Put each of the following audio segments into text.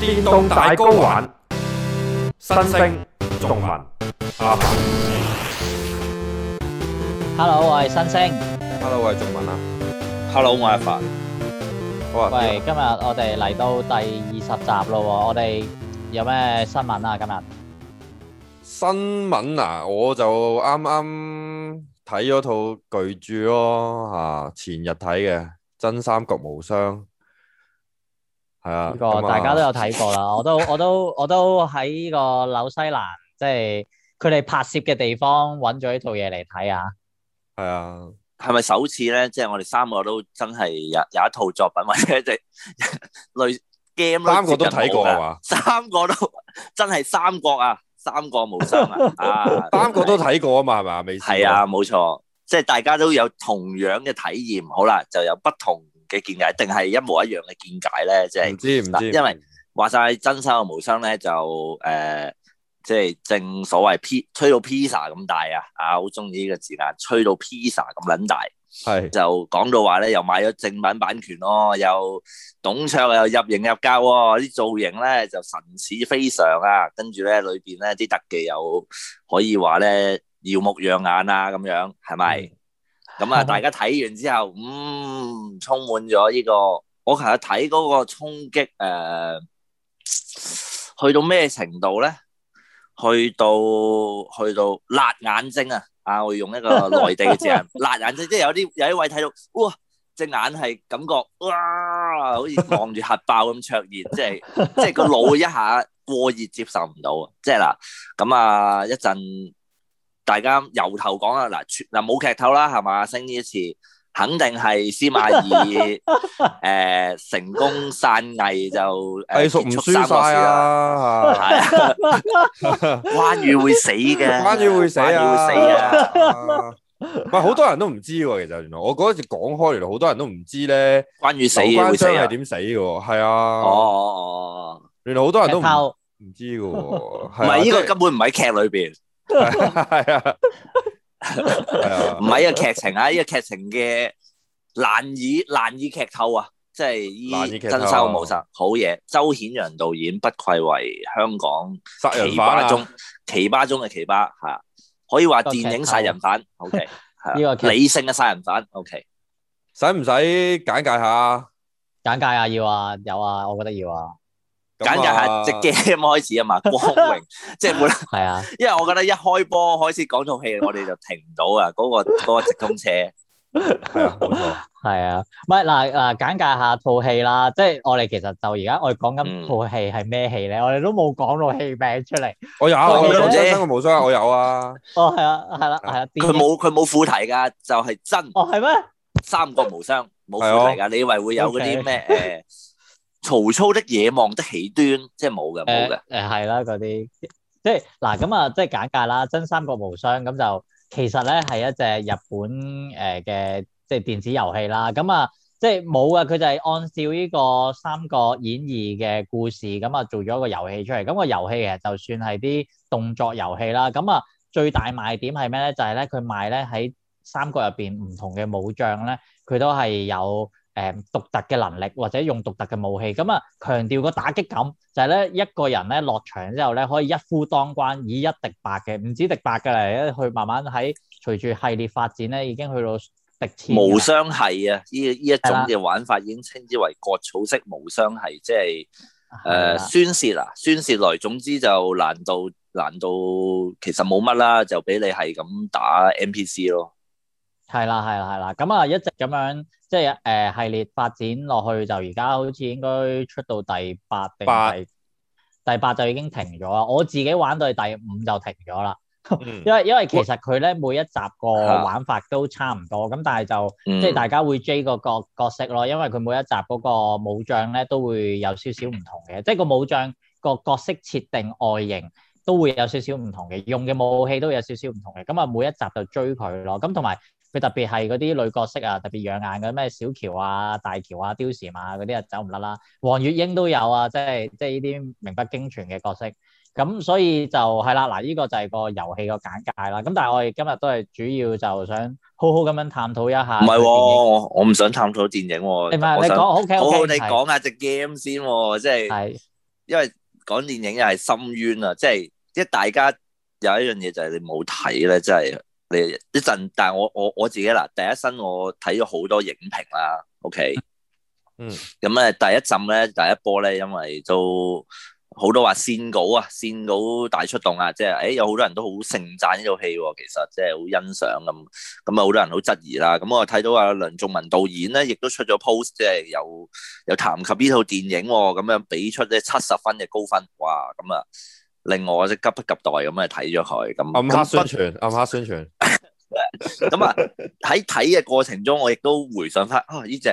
電動大 GO 玩，新星仲文阿凡，Hello，我係新星，Hello，我係仲文啊，Hello，我係阿凡，喂，今日我哋嚟到第二十集咯，我哋有咩新聞啊？今日新聞啊，我就啱啱睇咗套巨著咯，啊，前日睇嘅《真三國無雙》。係啊，呢個大家都有睇過啦， 我都我都我都喺呢個紐西蘭，即係佢哋拍攝嘅地方，搵咗一套嘢嚟睇啊。係啊，係咪首次咧？即係我哋三個都真係有有一套作品或者一啲 類 game 咧。三個都睇過啊嘛，三個都真係三國啊，三國無雙啊， 啊三個都睇過啊嘛，係咪是啊？未係啊，冇錯，即係大家都有同樣嘅體驗。好啦，就有不同。嘅見解定係一模一樣嘅見解咧，即係唔知唔知，因為話晒真傷嘅無雙咧，就誒，即、呃、係、就是、正所謂披吹到披薩咁大啊！啊，好中意呢個字眼，吹到披薩咁撚大，係是就講到話咧，又買咗正版版權咯、哦，又董卓又入型入格喎、哦，啲造型咧就神似非常啊，跟住咧裏邊咧啲特技又可以話咧耀目養眼啊，咁樣係咪？咁啊！大家睇完之後，嗯，充滿咗呢個。我琴日睇嗰個衝擊，誒，去到咩程度咧？去到去到，去到辣眼睛啊！啊，我用一個內地嘅字眼，辣眼睛，即係有啲有一位睇到，哇！隻眼係感覺啊，好似望住核爆咁灼熱，即係即係個腦一下過熱接受唔到啊！即係嗱，咁啊，一陣。大家由頭講啊，嗱，嗱冇劇透啦，係嘛？升呢一次肯定係司馬懿誒成功散藝就藝術唔輸晒啦，係關羽會死嘅，關羽會死啊！唔係好多人都唔知嘅，其實原來我嗰時講開，原來好多人都唔知咧，關羽死，關羽係點死嘅？係啊，哦，原來好多人都唔知嘅，唔係，呢個根本唔喺劇裏邊。係 啊，唔係呢個劇情啊，一、這個劇情嘅難以難以劇透啊，即係真修冇實，實好嘢棒。周顯揚導演不愧為香港奇葩中人、啊、奇葩中嘅奇葩吓、啊，可以話電影殺人犯。O K，呢個劇理性嘅殺人犯。O K，使唔使簡介下？簡介啊，要啊，有啊，我覺得要啊。簡介下隻 game 開始啊嘛，光榮，即係冇得。係啊，因為我覺得一開波開始講套戲，我哋就停唔到啊！嗰個嗰個直通車係啊，係啊，唔係嗱嗱簡介下套戲啦，即係我哋其實就而家我哋講緊套戲係咩戲咧？我哋都冇講到戲名出嚟。我有《三國無雙》，我有啊。哦，係啊，係啦，係。佢冇佢冇副題㗎，就係真。哦，係咩？《三國無雙》冇副題㗎，你以為會有嗰啲咩誒？曹操的野望的起端，即係冇嘅，冇嘅、呃，誒係啦嗰啲，即係嗱咁啊，即係簡介啦，真三國無雙咁就其實咧係一隻日本誒嘅、呃、即係電子遊戲啦，咁啊即係冇啊，佢就係按照呢個三國演義嘅故事咁啊做咗個遊戲出嚟，咁，這個遊戲其實就算係啲動作遊戲啦，咁啊最大賣點係咩咧？就係咧佢賣咧喺三國入邊唔同嘅武將咧，佢都係有。誒獨特嘅能力或者用獨特嘅武器，咁啊強調個打擊感就係咧一個人咧落場之後咧可以一夫當關以一敵百嘅，唔止敵百嘅嚟，去慢慢喺隨住系列發展咧已經去到敵千無雙係啊！呢一，呢一種嘅玩法已經稱之為割草式無雙係，即係誒宣泄啊宣泄來，總之就難度難度其實冇乜啦，就俾你係咁打 NPC 咯。係啦，係啦，係啦，咁啊，一直咁樣即係誒、呃、系列發展落去，就而家好似應該出到第八定係八第，第八就已經停咗啦。我自己玩到第五就停咗啦，因為因為其實佢咧每一集個玩法都差唔多，咁但係就即係大家會追個角角色咯，因為佢每一集嗰個武將咧都會有少少唔同嘅，即係個武將個角色設定、外形都會有少少唔同嘅，用嘅武器都有少少唔同嘅，咁啊每一集就追佢咯，咁同埋。佢特別係嗰啲女角色啊，特別養眼嘅咩小喬啊、大喬啊、貂蟬啊嗰啲啊，走唔甩啦。黃月英都有啊，即係即係呢啲名不經傳嘅角色。咁所以就係啦，嗱，呢個就係個遊戲個簡介啦。咁但係我哋今日都係主要就想好好咁樣探討一下。唔係喎，我唔想探討電影喎。唔係，你講 ok，ok 好好，你講下隻 game 先喎，即係因為講電影又係深淵啊，即係即係大家有一樣嘢，就係你冇睇咧，即係。你一陣，但係我我我自己嗱，第一身我睇咗好多影評啦，OK，嗯，咁咧第一陣咧第一波咧，因為都好多話線稿啊，線稿大出動啊，即係誒、欸，有好多人都好盛讚呢套戲，其實即係好欣賞咁，咁啊，好多人都質疑啦，咁我睇到阿梁仲文導演咧，亦都出咗 post，即係有有談及呢套電影，咁樣俾出咧七十分嘅高分，哇，咁啊～另外，令我即急不及待咁去睇咗佢，咁暗黑宣傳，那暗黑宣傳。咁啊， 喺睇嘅過程中，我亦都回想翻，啊，呢只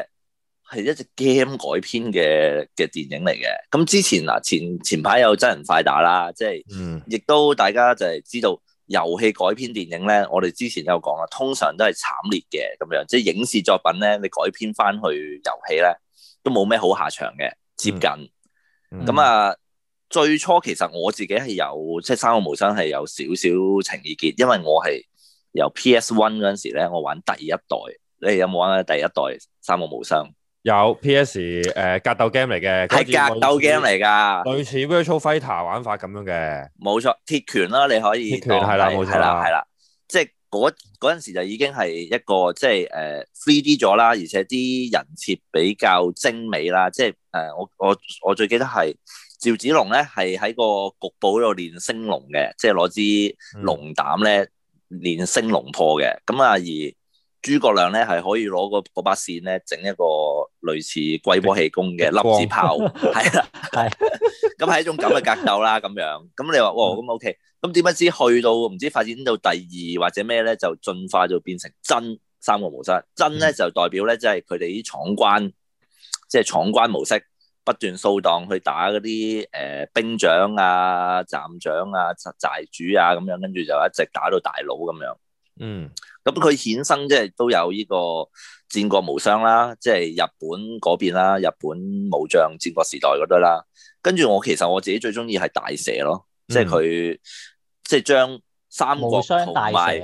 係一隻 game 改編嘅嘅電影嚟嘅。咁之前嗱，前前排有真人快打啦，即係，亦、嗯、都大家就係知道遊戲改編電影咧。我哋之前有講啊，通常都係慘烈嘅咁樣，即係影視作品咧，你改編翻去遊戲咧，都冇咩好下場嘅，接近。咁啊、嗯。嗯最初其實我自己係有，即係《三國無雙》係有少少情意結，因為我係由 PS One 嗰陣時咧，我玩第一代。你哋有冇玩第一代三個《三國無雙》PS，呃？有 PS 誒格鬥 game 嚟嘅，係格鬥 game 嚟㗎，類似 Virtual Fighter 玩法咁樣嘅。冇錯，鐵拳啦、啊，你可以。鐵拳係啦，係啦，係啦、啊，即係嗰嗰陣時就已經係一個即係誒、呃、3D 咗啦，而且啲人設比較精美啦，即係誒、呃、我我我最記得係。趙子龍咧係喺個局寶度練升龍嘅，即係攞支龍膽咧練升龍破嘅。咁阿二諸葛亮咧係可以攞個把扇咧整一個類似龜波氣功嘅粒子炮，係壁光 啦，係。咁係一種咁嘅格鬥啦，咁樣。咁、嗯嗯、你話，咁 O K。咁點、OK 嗯嗯、不知去到唔知發展到第二或者咩咧，就進化就變成真三個模式。真咧就代表咧即係佢哋啲闖關，即係闖關模式。不斷掃蕩去打嗰啲誒兵長啊、站長啊、寨主啊咁樣，跟住就一直打到大佬咁樣。嗯，咁佢衍生即係都有呢個戰國無雙啦，即、就、係、係、日本嗰邊啦，日本武將戰國時代嗰啲啦。跟住我其實我自己最中意係大蛇咯，嗯、即係佢即係將三國同埋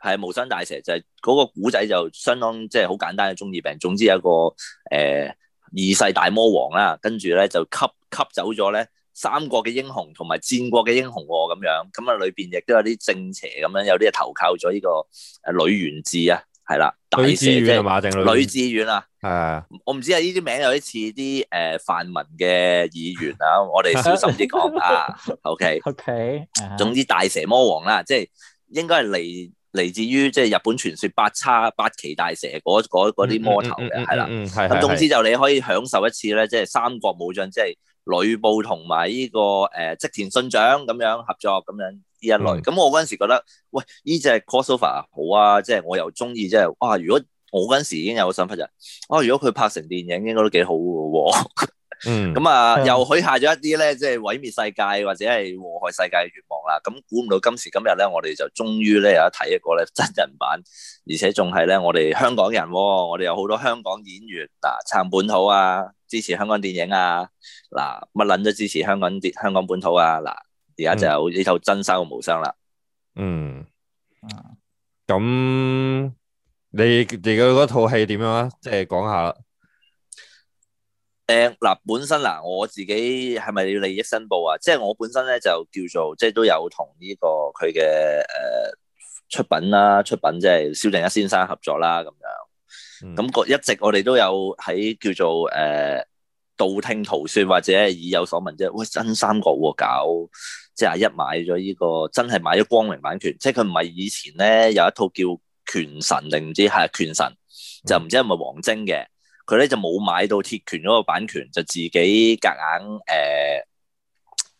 係無雙大蛇、啊、大蛇就係嗰個古仔就相當即係好簡單嘅中二病。總之有一個誒。呃呃二世大魔王啦、啊，跟住咧就吸吸走咗咧三國嘅英雄同埋戰國嘅英雄咁、啊、樣，咁啊裏邊亦都有啲正邪咁樣，有啲投靠咗呢、這個誒呂元志啊，係、呃、啦、呃呃，大蛇遠係嘛定呂志遠啊？誒，我唔知啊，呢啲名有啲似啲誒泛民嘅議員啊， 我哋小心啲講啊。O K，O K，總之大蛇魔王啦，即、就、係、是、應該係嚟。嚟自於即係日本傳說八叉八岐大蛇嗰啲魔頭嘅係啦，咁總之就你可以享受一次咧，即係《三國武將》，即係呂布同埋呢個誒織、呃、田信長咁樣合作咁樣呢一類。咁、嗯、我嗰陣時覺得，喂，呢隻 crossover 好啊，即、就、係、是、我又中意，即係哇！如果我嗰陣時已經有個想法就，哇、啊！如果佢拍成電影應該都幾好嘅喎、啊。 嗯，咁啊、嗯，又許下咗一啲咧，即係毀滅世界或者係禍害世界嘅願望啦。咁估唔到今時今日咧，我哋就終於咧有一睇一個咧真人版，而且仲係咧我哋香港人、哦，我哋有好多香港演員嗱撐、啊、本土啊，支持香港電影啊，嗱乜撚都支持香港啲香港本土啊，嗱而家就有呢套真三國無雙啦、嗯。嗯，咁你哋嘅嗰套戲點樣啊？即、就、係、是、講下。誒，嗱、呃，本身嗱、呃，我自己係咪要利益申報啊？即係我本身咧就叫做，即係都有同呢個佢嘅誒出品啦，出品即係蕭正一先生合作啦，咁樣。咁、那個、一直我哋都有喺叫做誒、呃、道聽途説或者耳有所聞啫。喂、欸，真三國喎、啊，搞即係阿一買咗呢、這個，真係買咗光榮版權，即係佢唔係以前咧有一套叫拳神定唔知係拳神，就唔知係咪王晶嘅。佢咧就冇買到鐵拳嗰個版權，就自己夾硬誒、呃、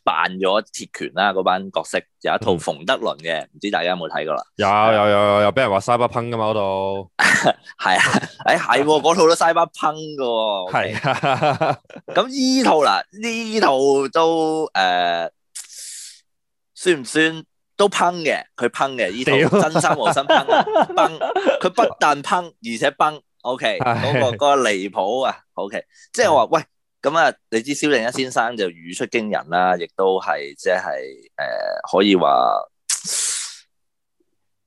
扮咗鐵拳啦，嗰班角色有一套馮德倫嘅，唔知大家有冇睇過啦？有有有有，有。俾人話西北烹㗎嘛嗰度？係 啊，誒係嗰套都西北烹㗎喎。係、呃、啊。咁呢套啦，呢套都誒算唔算？都烹嘅，佢烹嘅呢套 真生和生烹烹，佢不但烹而且烹。O.K. 嗰、那個嗰、那個離譜啊！O.K. 即係我話喂，咁啊，你知蕭正一先生就語出驚人啦，亦都係即係誒可以話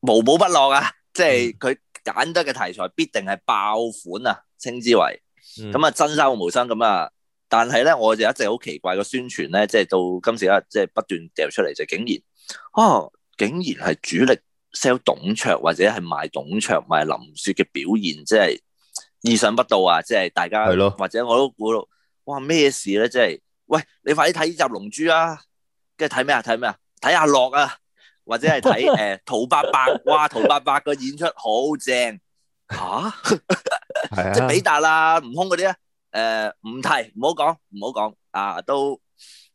無寶不落啊！即係佢揀得嘅題材必定係爆款啊，稱之為咁啊，真生會無，無生咁啊！但係咧，我就一直好奇怪個宣傳咧，即、就、係、是、到今時今日即係不斷掉出嚟，就是、竟然哦，竟然係主力 sell 董卓或者係賣董卓賣林雪嘅表現，即係。意想不到啊！即係大家，或者我都估到，哇咩事咧？即係，喂，你快啲睇呢集《龍珠》啊！跟住睇咩啊？睇咩啊？睇阿樂啊，或者係睇誒陶伯伯，哇陶伯伯個演出好正吓，即係比達啦、悟空嗰啲啊，誒唔提唔好講，唔好講啊都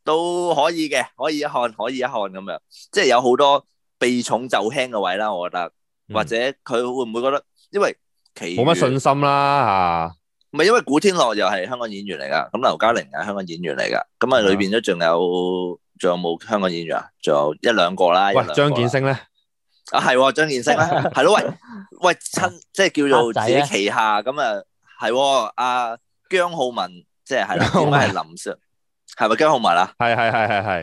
都可以嘅，可以一看，可以一看咁樣，即係有好多避重就輕嘅位啦，我覺得，或者佢會唔會覺得，因為？冇乜其信心啦吓？唔係因為古天樂又係香港演員嚟噶，咁劉嘉玲係香港演員嚟噶，咁啊裏邊都仲有仲、嗯、有冇香港演員啊？仲有一兩個啦，喂，張建升咧，啊係、哦、張建升咧，係咯、 哦，喂喂親，即係叫做自己旗下咁啊，係阿、哦啊、姜浩文，即係係應該係林雪，係咪姜浩文、啊、 啦？係係係係係，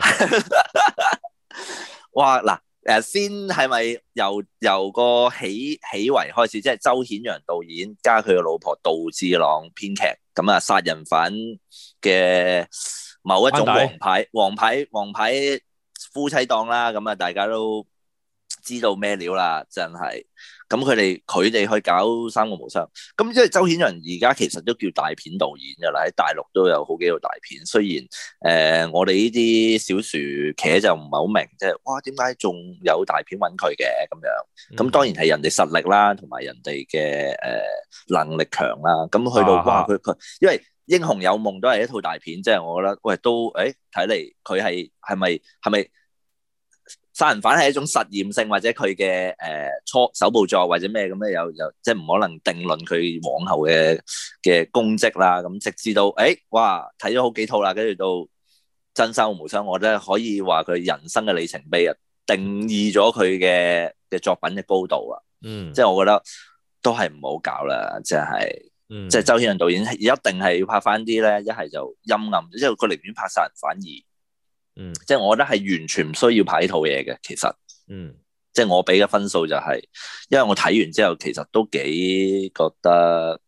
哇嗱！誒，先係咪由由個起起圍開始，即係周顯揚導演加佢嘅老婆杜致朗編劇，咁啊殺人犯嘅某一種王牌大王牌王牌夫妻檔啦，咁啊，大家都知道咩料啦，真係。咁佢哋佢哋去搞三國無雙，咁即係周顯仁而家其實都叫大片導演嘅啦，喺大陸都有好幾套大片。雖然誒、呃，我哋呢啲小薯茄就唔係好明，即係哇，點解仲有大片揾佢嘅咁樣？咁當然係人哋實力啦，同埋人哋嘅誒能力強啦。咁去到、啊、哈 哇，佢佢，因為《英雄有夢》都係一套大片，即、就、係、是、我覺得，喂，都誒睇嚟佢係係咪係咪？殺人犯係一種實驗性或者佢嘅誒初、首部作或者咩咁咧，又有即係唔可能定論佢往後嘅嘅功績啦。咁直至到誒、欸，哇睇咗好幾套啦，跟住到真三國無雙，我覺得可以話佢人生嘅里程碑啊，定義咗佢嘅嘅作品嘅高度啊。嗯，即係我覺得都係唔好搞啦，就是嗯、即係，即係周顯揚導演一定係要拍翻啲咧，一係就陰暗，即係佢寧願拍殺人犯而。嗯，即係我覺得係完全唔需要拍呢套嘢嘅，其實，嗯，即係我俾嘅分數就係、是，因為我睇完之後，其實都幾覺得，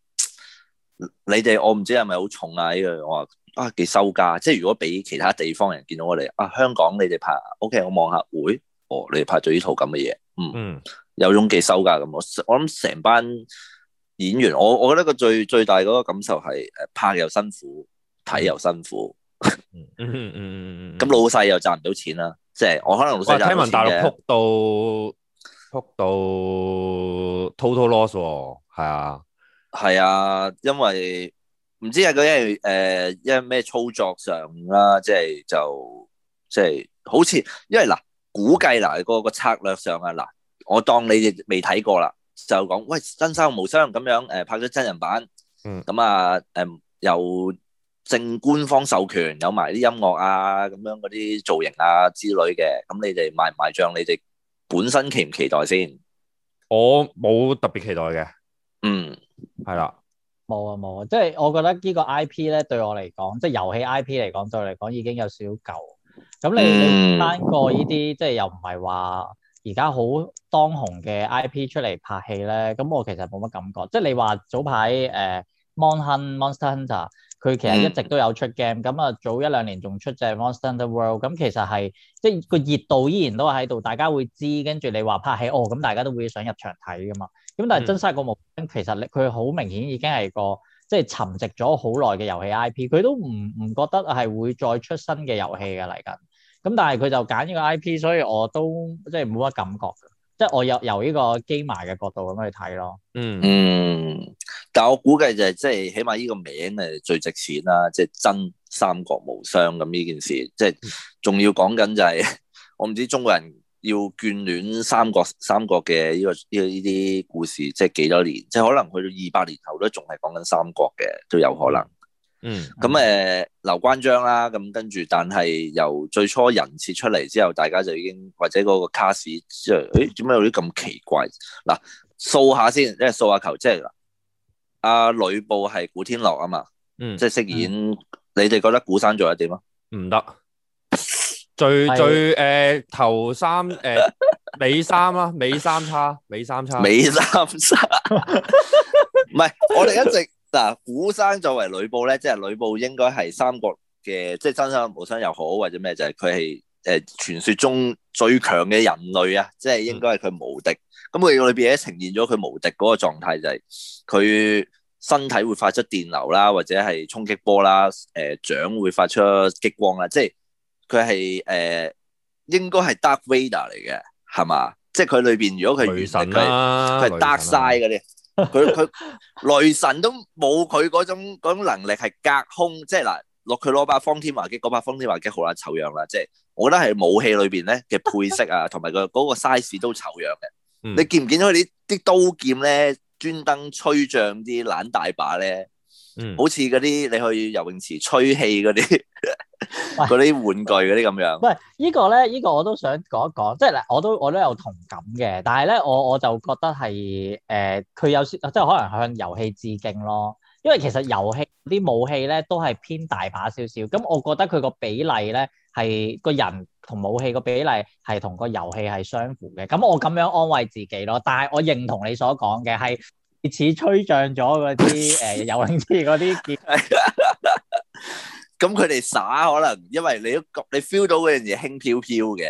你哋我唔知係咪好重啊呢樣，我話啊幾羞家，即、就、係、是、如果俾其他地方人見到我哋啊香港你，你哋拍，O K，我望下會，哦，你哋拍咗呢套咁嘅嘢，嗯嗯，有種幾羞家噶咁，我我諗成班演員，我我覺得個最最大嗰個感受係，誒，拍又辛苦，睇又辛苦。嗯嗯嗯嗯，咁老細又賺唔到錢啦，即係我可能老聽聞大陸撲到撲到 total loss，係、哦、啊，係啊，因為唔知係佢誒，因為咩操作上啦，即係就即、是、係、就是、好似，因為嗱、呃，估計嗱，嗰、那個那個策略上啊，嗱、呃，我當你哋未睇過啦，就講喂，真三國無雙咁樣，誒、呃，拍咗真人版，嗯，咁啊，誒、呃，又。正官方授權有埋啲音樂啊，咁樣嗰啲造型啊之類嘅，咁你哋賣唔賣帳？你哋本身期唔期待先？我冇特別期待嘅。嗯，係啦了。冇啊冇啊，即係我覺得呢個 IP 咧對我嚟講，即係遊戲 IP 嚟講對我嚟講已經有少少舊。咁你、嗯、你翻過呢啲即係又唔係話而家好當紅嘅 IP 出嚟拍戲咧？咁我其實冇乜感覺。即係你話早排誒《Monhan、呃、Monster Hunter》。佢、嗯、其實一直都有出 game，咁啊早一兩年仲出就係《Monster Hunter World》，咁其實係即係個熱度依然都喺度，大家會知。跟住你話拍戲哦，咁大家都會想入場睇㗎嘛。咁但係《真三》個目標其實佢好明顯已經係個即係、就是、沉寂咗好耐嘅遊戲 IP，佢都唔唔覺得係會再出新嘅遊戲嘅嚟緊。咁但係佢就揀呢個 IP，所以我都即係冇乜感覺。即、就、係、是、我由由呢個 gamer 嘅角度咁去睇咯。嗯。嗯。但我估計就係即係起碼呢個名係最值錢啦，即、就、係、是、真三國無雙咁呢件事，即係仲要講緊就係、是、我唔知中國人要眷戀三國三國嘅依、這個依依啲故事即係、就是、幾多年，即、就、係、是、可能去到二百年後都仲係講緊三國嘅都有可能。嗯，咁、嗯、誒、呃、劉關張啦，咁跟住但係由最初人設出嚟之後，大家就已經或者嗰個卡士即係誒點解有啲咁奇怪？嗱，掃下先，即係掃下球，即、就、係、是。阿呂布係古天樂啊嘛，嗯，即係飾演，嗯、你哋覺得古生做得點啊？唔得，最是最誒、呃、頭三誒尾三啦，尾三差，啊，尾三差，尾三差，唔係， 我哋一直嗱、呃、古生作為呂布咧，即係呂布應該係三國嘅，即係真三無雙又好，或者咩就係佢係誒傳說中最強嘅人類啊，即係應該係佢無敵。嗯咁佢、嗯、裏邊咧呈現咗佢無敵嗰個狀態，就係、是、佢身體會發出電流啦，或者係衝擊波啦，誒、呃、掌會發出激光啦，即係佢係誒應該係 Dark Vader 嚟嘅，係嘛？即係佢裏邊如果佢雨神佢得晒嗰啲，佢佢、啊雷，啊、 雷神都冇佢嗰種種能力係隔空，即係嗱，攞佢攞把方天畫戟，嗰把方天畫戟好啦，醜樣啦，即係我覺得係武器裏邊咧嘅配色啊，同埋個嗰個 size 都醜樣嘅。你見唔見到啲啲刀劍咧，專登吹脹啲懶大把咧？嗯，好，好似嗰啲你去游泳池吹氣嗰啲，啲 玩具嗰啲咁樣。喂、哎，係、這、依個咧，依、這個我都想講一講，即係嗱，我都我都有同感嘅。但係咧，我我就覺得係誒，佢、呃、有少即係可能向遊戲致敬咯。因為其實遊戲啲武器咧都係偏大把少少，咁我覺得佢個比例咧。係個人同武器個比例係同個遊戲係相符嘅，咁我咁樣安慰自己咯。但係我認同你所講嘅，係似吹脹咗嗰啲誒游泳池嗰啲劍。咁佢哋耍可能因為你都覺你 feel 到嗰樣嘢輕飄飄嘅。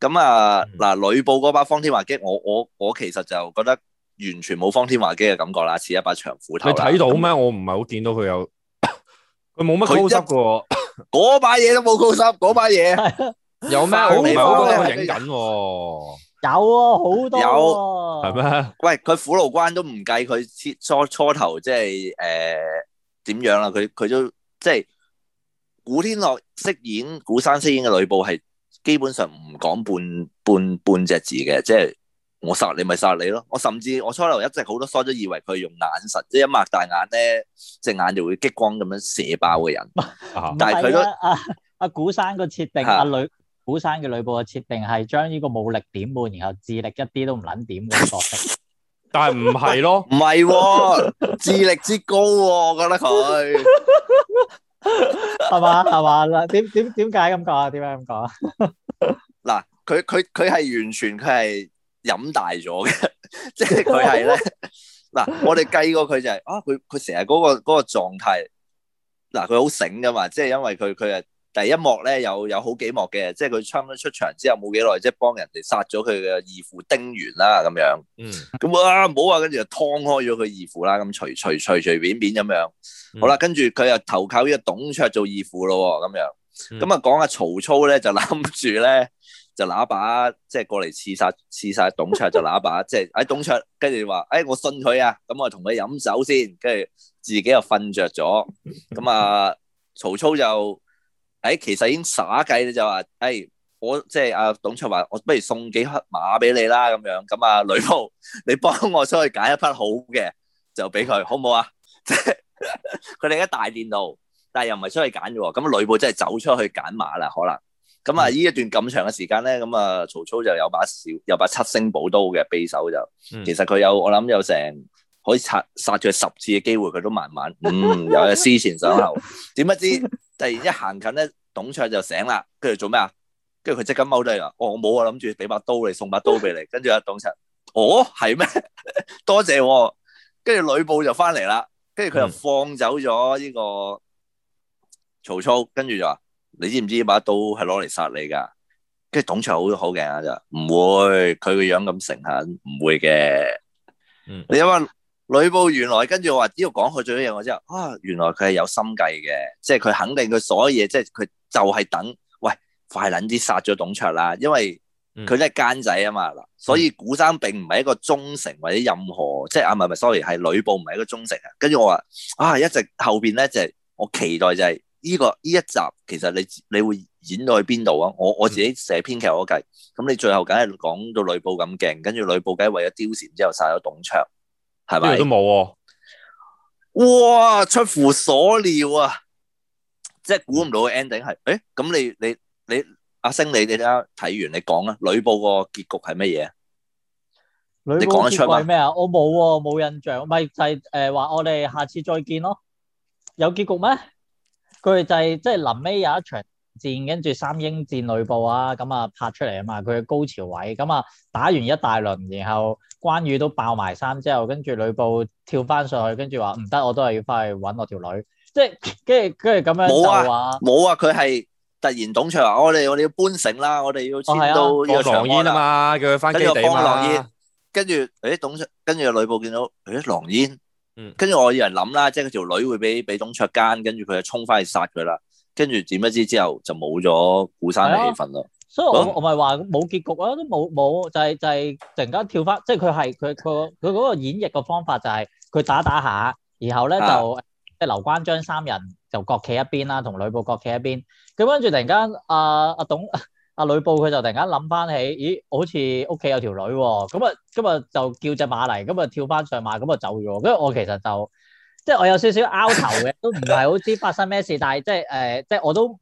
咁啊嗱，呂布嗰把方天畫戟，我我我其實就覺得完全冇方天畫戟嘅感覺啦，似一把長斧頭。你睇到咩？我唔係好見到佢有，佢冇乜高質喎。嗰 把嘢都冇高深，嗰把嘢有咩？好？ 唔係好多影緊喎，有啊，好多、啊，有係咩？嗎喂，佢虎牢關都唔計，佢切初初，初頭即係誒點樣啦？佢佢都即係古天樂飾演古山飾演嘅呂布係基本上唔講半半半隻字嘅，即係。我殺你咪殺你咯！我甚至我初頭一直好多時都以為佢用眼神，即係一擘大眼咧，隻眼就會激光咁樣射爆嘅人。啊、但係佢咧，阿阿、啊啊、古生個設定，阿呂、啊、古生嘅呂布嘅設定係將呢個武力點滿，然後智力一啲都唔撚點嘅角色。 但係唔係咯？唔係，智力之高、啊，我覺得佢係嘛係嘛啦？點點點解咁講啊？點解咁講啊？嗱，佢佢佢係完全佢係。飲大咗嘅， 即係佢係咧嗱， 我哋計過佢就係、是、啊，佢佢成日嗰個嗰、那個狀態，嗱、啊、佢好醒噶嘛，即係因為佢佢啊第一幕咧有有好幾幕嘅，即係佢差唔多出場之後冇幾耐，即係幫人哋殺咗佢嘅義父丁原啦咁樣，嗯，咁啊好啊，跟住就劏開咗佢義父啦，咁隨隨隨隨便便咁樣，好、嗯、啦，跟住佢又投靠呢個董卓做義父咯，咁樣，咁啊講下曹操咧就諗住咧。就喇把，即係過嚟刺殺，刺殺董卓就喇把。即係喺董卓跟住話，哎，我信佢啊，咁我同佢飲酒先，跟住自己又瞓着咗。咁啊，曹操就，哎，其實已經耍計咧，就話，哎，我即係阿董卓話，我不如送幾匹馬俾你啦，咁樣，咁啊，呂布，你幫我出去揀一匹好嘅，就俾佢，好唔好啊？即係佢哋喺大殿度，但係又唔係出去揀嘅，咁啊，呂布真係走出去揀馬啦，可能。咁啊！呢一段咁長嘅時間咧，咁啊，曹操就有把小，有把七星寶刀嘅匕首就，其實佢有我諗有成可以殺殺咗十次嘅機會，佢都慢慢，嗯，又係思前想後。點 不知突然一行近咧，董卓就醒啦，跟住做咩啊？跟住佢即刻踎低啦，哦，我冇啊，諗住俾把刀，把刀你，送把刀俾你，跟住啊，董卓，哦，係咩？ 多謝喎，跟住呂布就翻嚟啦，跟住佢又放走咗呢個曹操，跟住就話。你知唔知把刀係攞嚟殺你噶？跟住董卓好都好嘅，就唔會，佢個樣咁誠懇，唔會嘅。嗯，你因為呂布原來跟住我話，只要講佢做衰嘢我之後，啊，原來佢係有心計嘅，即係佢肯定佢所有嘢，即係佢就係、是、等，喂，快捻啲殺咗董卓啦，因為佢都係奸仔啊嘛嗱，嗯、所以古生並唔係一個忠誠或者任何，嗯、即係啊唔係唔 sorry 係呂布唔係一個忠誠啊。跟住我話啊，一直後邊咧就係、是、我期待就係、就是。呢、這個呢一集其實你你會演到去邊度啊？我我自己寫編劇我都計，咁你最後梗係講到呂布咁勁，跟住呂布梗係為咗貂蟬，然之後殺咗董卓，係咪？都冇喎！哇！出乎所料啊！即係估唔到 ending 係！誒、欸、咁你你你，你阿星你你睇睇完你講啊？呂布個結局係乜嘢？你講得出嗎？咩啊？就是呃、我冇喎，冇印象，咪就係誒話我哋下次再見咯。有結局咩？佢就係即係臨尾有一場戰，跟住三英戰呂布啊，咁啊拍出嚟啊嘛，佢嘅高潮位咁啊打完一大輪，然後關羽都爆埋衫之後，跟住呂布跳翻上去，跟住話唔得，我都係要翻去揾我條女，即係跟住跟住咁樣就話冇啊，冇啊，佢係突然董卓話我哋我哋要搬城啦，我哋要遷到呢個長安、哦、放狼煙啊嘛，叫佢翻基地嘛，跟住誒董卓跟住呂布見到誒狼煙。嗯，跟住我有人諗啦，即係佢條女會俾俾董卓姦，跟住佢就衝翻去殺佢啦。跟住點不知之後就冇咗鼓山嘅氣氛咯、啊。所以我、嗯、我唔係話冇結局啊，都冇冇就係、是、就係、是、突然間跳翻，即係佢係佢佢佢嗰個演繹嘅方法就係佢打打下，然後咧、啊、就即係劉關張三人就各企一邊啦，同呂布各企一邊。咁跟住突然間阿阿董。阿呂布佢就突然間諗翻起，咦，我好似屋企有條女喎，咁啊，今日就叫隻馬嚟，咁啊跳翻上馬，咁啊走咗。跟住我其實就，即係我有少少拗頭嘅，都唔係好知發生咩事，但係即係，誒，即係我都，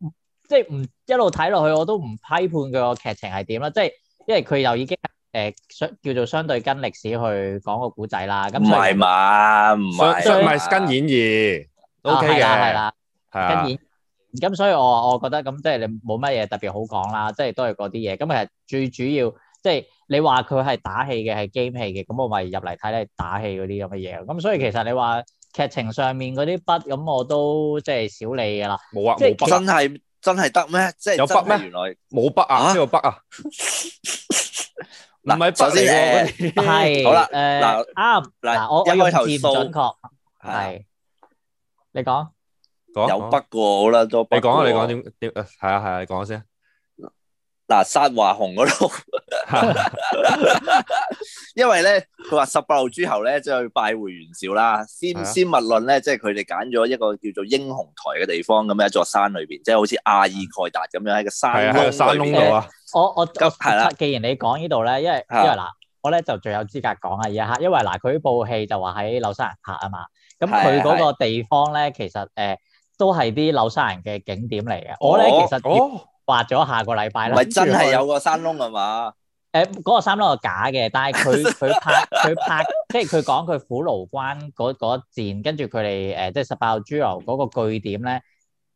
即係唔一路睇落去，我都唔批判佢個劇情係點啦。即係，因為佢又已經，誒，相叫做相對跟歷史去講個古仔啦。唔係嘛，唔係，唔係跟演義，O K 嘅。係啦，係啦，係。咁所以，我我覺得咁即係你冇乜嘢特別好講啦，即係都係嗰啲嘢。咁其實最主要即係你話佢係打戲嘅，係 game 戲嘅，咁我咪入嚟睇咧，打戲嗰啲咁嘅嘢。咁所以其實你話劇情上面嗰啲筆，咁我都即係少理噶啦。冇啊，冇筆，真係真係得咩？即係有筆咩？原來冇筆啊？邊個筆啊？唔係筆，係好啦。嗱，啱嗱，我我用字唔準確，係你講。有不過啦，都你講下你講點點？係啊係啊，你講先。嗱，殺華雄嗰度，因為咧，佢話十八路諸侯咧，即係去拜會袁紹啦。先先勿論咧，即係佢哋揀咗一個叫做英雄台嘅地方，咁一座山裏邊，即係好似阿爾蓋達咁樣喺個山窿山窿度啊。我我係啦，既然你講呢度咧，因為因為嗱，我咧就最有資格講啊，而家因為嗱，佢部戲就話喺紐西蘭拍，啊嘛，咁佢嗰個地方咧，其實，誒。都係啲紐西蘭嘅景點嚟嘅。我咧其實畫咗下個禮拜啦。唔係真係有個山窿係嘛？誒，嗰個山窿係假嘅，但係佢佢拍佢拍，即係佢講佢虎牢關嗰嗰戰，跟住佢哋誒，即係十八路諸侯嗰個據點咧，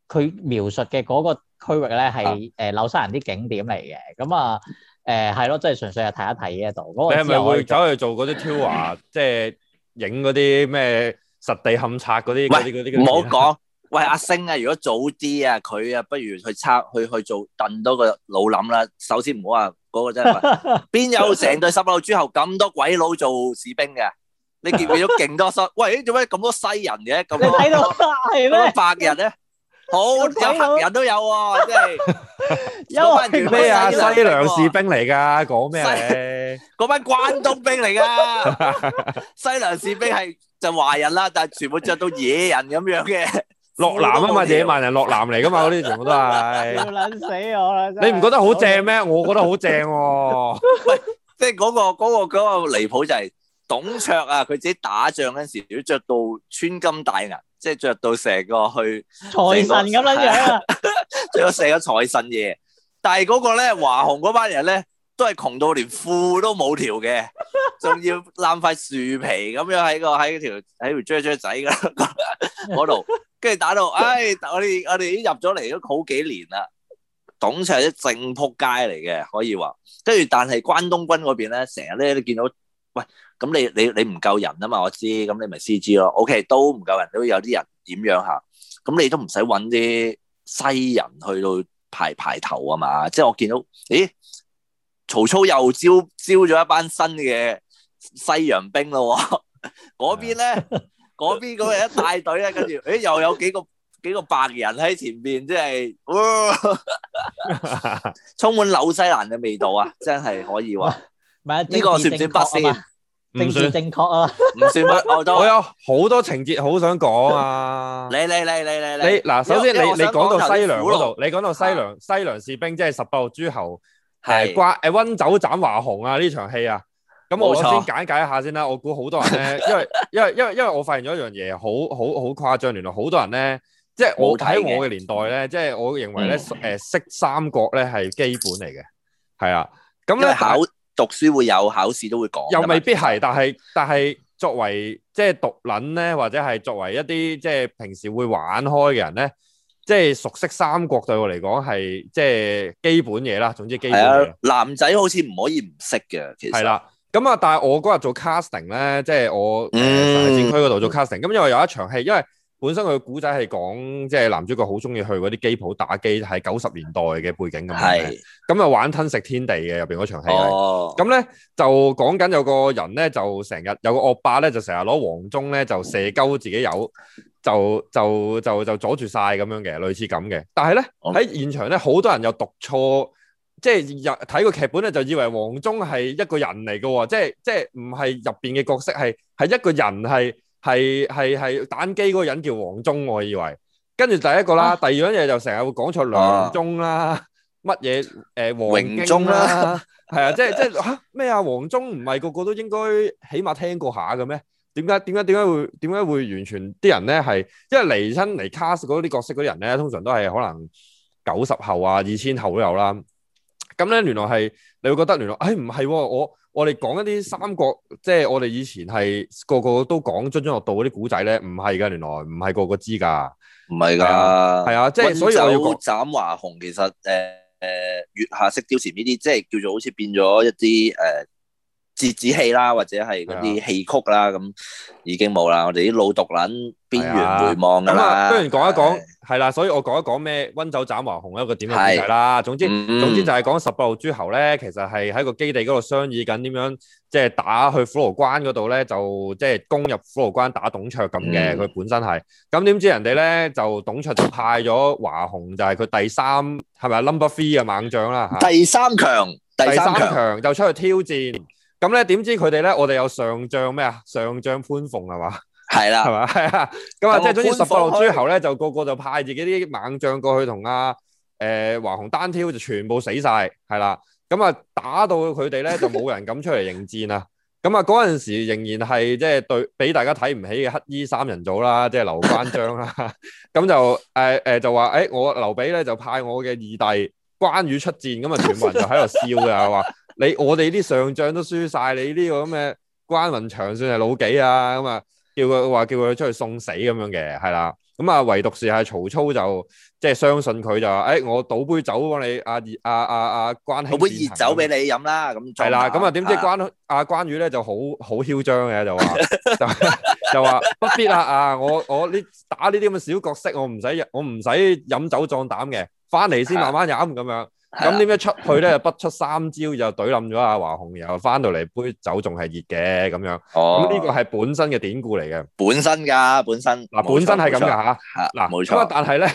佢描述嘅嗰個區域咧係誒紐西蘭啲景點嚟嘅。咁啊誒係咯，即係純粹係睇一睇呢一度。你係咪會走去做嗰啲 tour？即係影嗰啲咩實地勘察嗰啲嗰啲嗰啲？唔好講。喂，阿星啊，如果早啲啊，佢啊，不如去拆去去做燉多個腦諗啦。首先唔好話嗰個真係邊有成隊十八路諸侯咁多鬼佬做士兵嘅？你劫咗勁多失喂？做咩咁多西人嘅？咁你睇到晒咩？白人咧，好有黑人都有喎，即係有咩啊？西涼士兵嚟噶，講咩？嗰班關東兵嚟噶，西涼士兵係就華人啦，但係全部着到野人咁樣嘅。落南啊嘛，野蠻人落南嚟噶嘛，嗰啲全部都係，要捻死我啦！你唔覺得好正咩？我覺得好正喎，即係嗰個嗰個嗰個離譜就係，董卓啊，佢自己打仗嗰時，如果着到穿金戴銀，即係着到成個去財神咁樣樣，着到成個財神爺。但係嗰個咧，華雄嗰班人咧。都係窮到連褲都冇條嘅，仲要攬塊樹皮咁樣喺個喺條喺度雀雀仔嗰嗰度，跟住打到，唉、哎！我哋我哋已經入咗嚟都好幾年啦，董卓係啲正撲街嚟嘅，可以話。跟住但係關東軍嗰邊咧，成日咧你見到，喂，咁你你你唔夠人啊嘛？我知，咁你咪 CG 咯。O、OK, K，都唔夠人都有啲人點樣吓？咁你都唔使揾啲西人去到排排頭啊嘛？即係我見到，咦？曹操又招招咗一班新嘅西洋兵咯，嗰邊咧，嗰邊嗰個人帶隊咧，跟住誒又有幾個幾個白人喺前邊，即係，充滿紐西蘭嘅味道啊，真係可以話。唔係啊，呢個算唔算不善？唔算正確啊，唔算不。我有好多情節好想講啊。你你你你你你，嗱，首先你你講到西涼嗰度，你講到西涼西涼士兵，即係十八路諸侯。係掛，誒，溫酒斬華雄啊！呢場戲啊，咁我先簡解，解一下先啦。錯我估好多人咧，因為 因為因為因為我發現咗一樣嘢，好好好誇張，原來好多人咧，即係我喺我嘅年代咧，即係、嗯、我認為咧，誒識三國咧係基本嚟嘅，係啊。咁咧考是讀書會有考試都會講，又未必係。但係但係作為即係毒撚咧，或者係作為一啲即係平時會玩開嘅人咧。即係熟悉三國對我嚟講係即係基本嘢啦，總之基本男仔好似唔可以唔識嘅，其實係啦。咁啊，但係我嗰日做 casting 咧，即係我誒葵青區嗰度做 casting。咁因為有一場戲，因為本身佢古仔係講即係男主角好中意去嗰啲機鋪打機，係九十年代嘅背景咁是樣咁啊，玩吞食天地嘅入邊嗰場戲。哦。咁咧就講緊有個人咧，就成日有個惡霸咧，就成日攞黃忠咧，就射鳩自己友。就就就就阻住晒咁樣嘅，類似咁嘅。但係咧，喺現場咧，好多人又讀錯，即係入睇個劇本咧，就以為黃忠係一個人嚟嘅，即係即係唔係入邊嘅角色，係係一個人，係係係係打機嗰個人叫黃忠，我以為。跟住第一個啦，第二樣嘢就成日會講錯梁忠啦，乜嘢誒黃忠啦，係啊，即係即係嚇咩啊？黃忠唔係個個都應該起碼聽過下嘅咩？點解點解點解會點解會完全啲人咧係，因為嚟親嚟卡 a 嗰啲角色嗰啲人咧，通常都係可能九十後啊、二千後都有啦。咁咧，原來係你會覺得原來，哎，唔係喎，我我哋講一啲三國，即係我哋以前係個個都講津津樂道嗰啲古仔咧，唔係㗎，原來唔係個個知㗎，唔係㗎，係啊，即係問就 所以我要斬華紅，其實誒誒、呃呃，月下食貂蟬呢啲，即係叫做好似變咗一啲誒。呃折子戲啦，或者係嗰啲戲曲啦，咁已經冇啦。我哋啲老毒撚邊緣回望㗎啦。咁啊，不如講一講係啦。所以我講一講咩溫酒斬華雄一個點嘅故事啦。總之總之就係講十八路諸侯咧，其實係喺個基地嗰度商議緊點樣，即係打去虎牢關嗰度咧，就即係攻入虎牢關打董卓咁嘅。佢本身係咁，點知人哋咧就董卓就派咗華雄，就係佢第三係咪啊 number three 嘅猛將啦？第三強，第三強就出去挑戰。咁咧，點、嗯、知佢哋咧？我哋有上將咩啊？上將潘鳳係嘛？係啦，係嘛？係啊。咁 啊、嗯，即係十八路諸侯之後咧，就個個就派自己啲猛將過去同阿誒華雄單挑，就全部死晒。係啦。咁、嗯、啊，打到佢哋咧就冇人敢出嚟迎戰啊。咁啊，嗰陣時仍然係即係對俾大家睇唔起嘅黑衣三人組啦，即係劉關張啦。咁就誒誒就話誒，我劉備咧就派我嘅二弟關羽、關羽出戰，咁啊，全部人就喺度笑嘅話。你我哋啲上將都輸晒，你呢個咁嘅關雲長算係老幾啊？咁啊，叫佢話叫佢出去送死咁樣嘅，係啦。咁啊，唯獨是係曹操就即係、就是、相信佢就話，誒、哎，我倒杯酒幫你，阿阿阿阿關。倒杯熱酒俾你飲啦，咁係啦。咁啊，點知關阿關羽咧就好好囂張嘅，就話就話不必啦，啊，我我呢打呢啲咁嘅小角色，我唔使我唔使飲酒壯膽嘅，翻嚟先慢慢飲咁樣。咁點解出去咧 不出三招就懟冧咗阿華雄，又翻到嚟杯酒仲係熱嘅咁樣。哦，咁呢個係本身嘅典故嚟嘅，本身㗎，啊、錯本身嗱，本身係咁㗎嚇嚇嗱，冇錯。咁但係咧。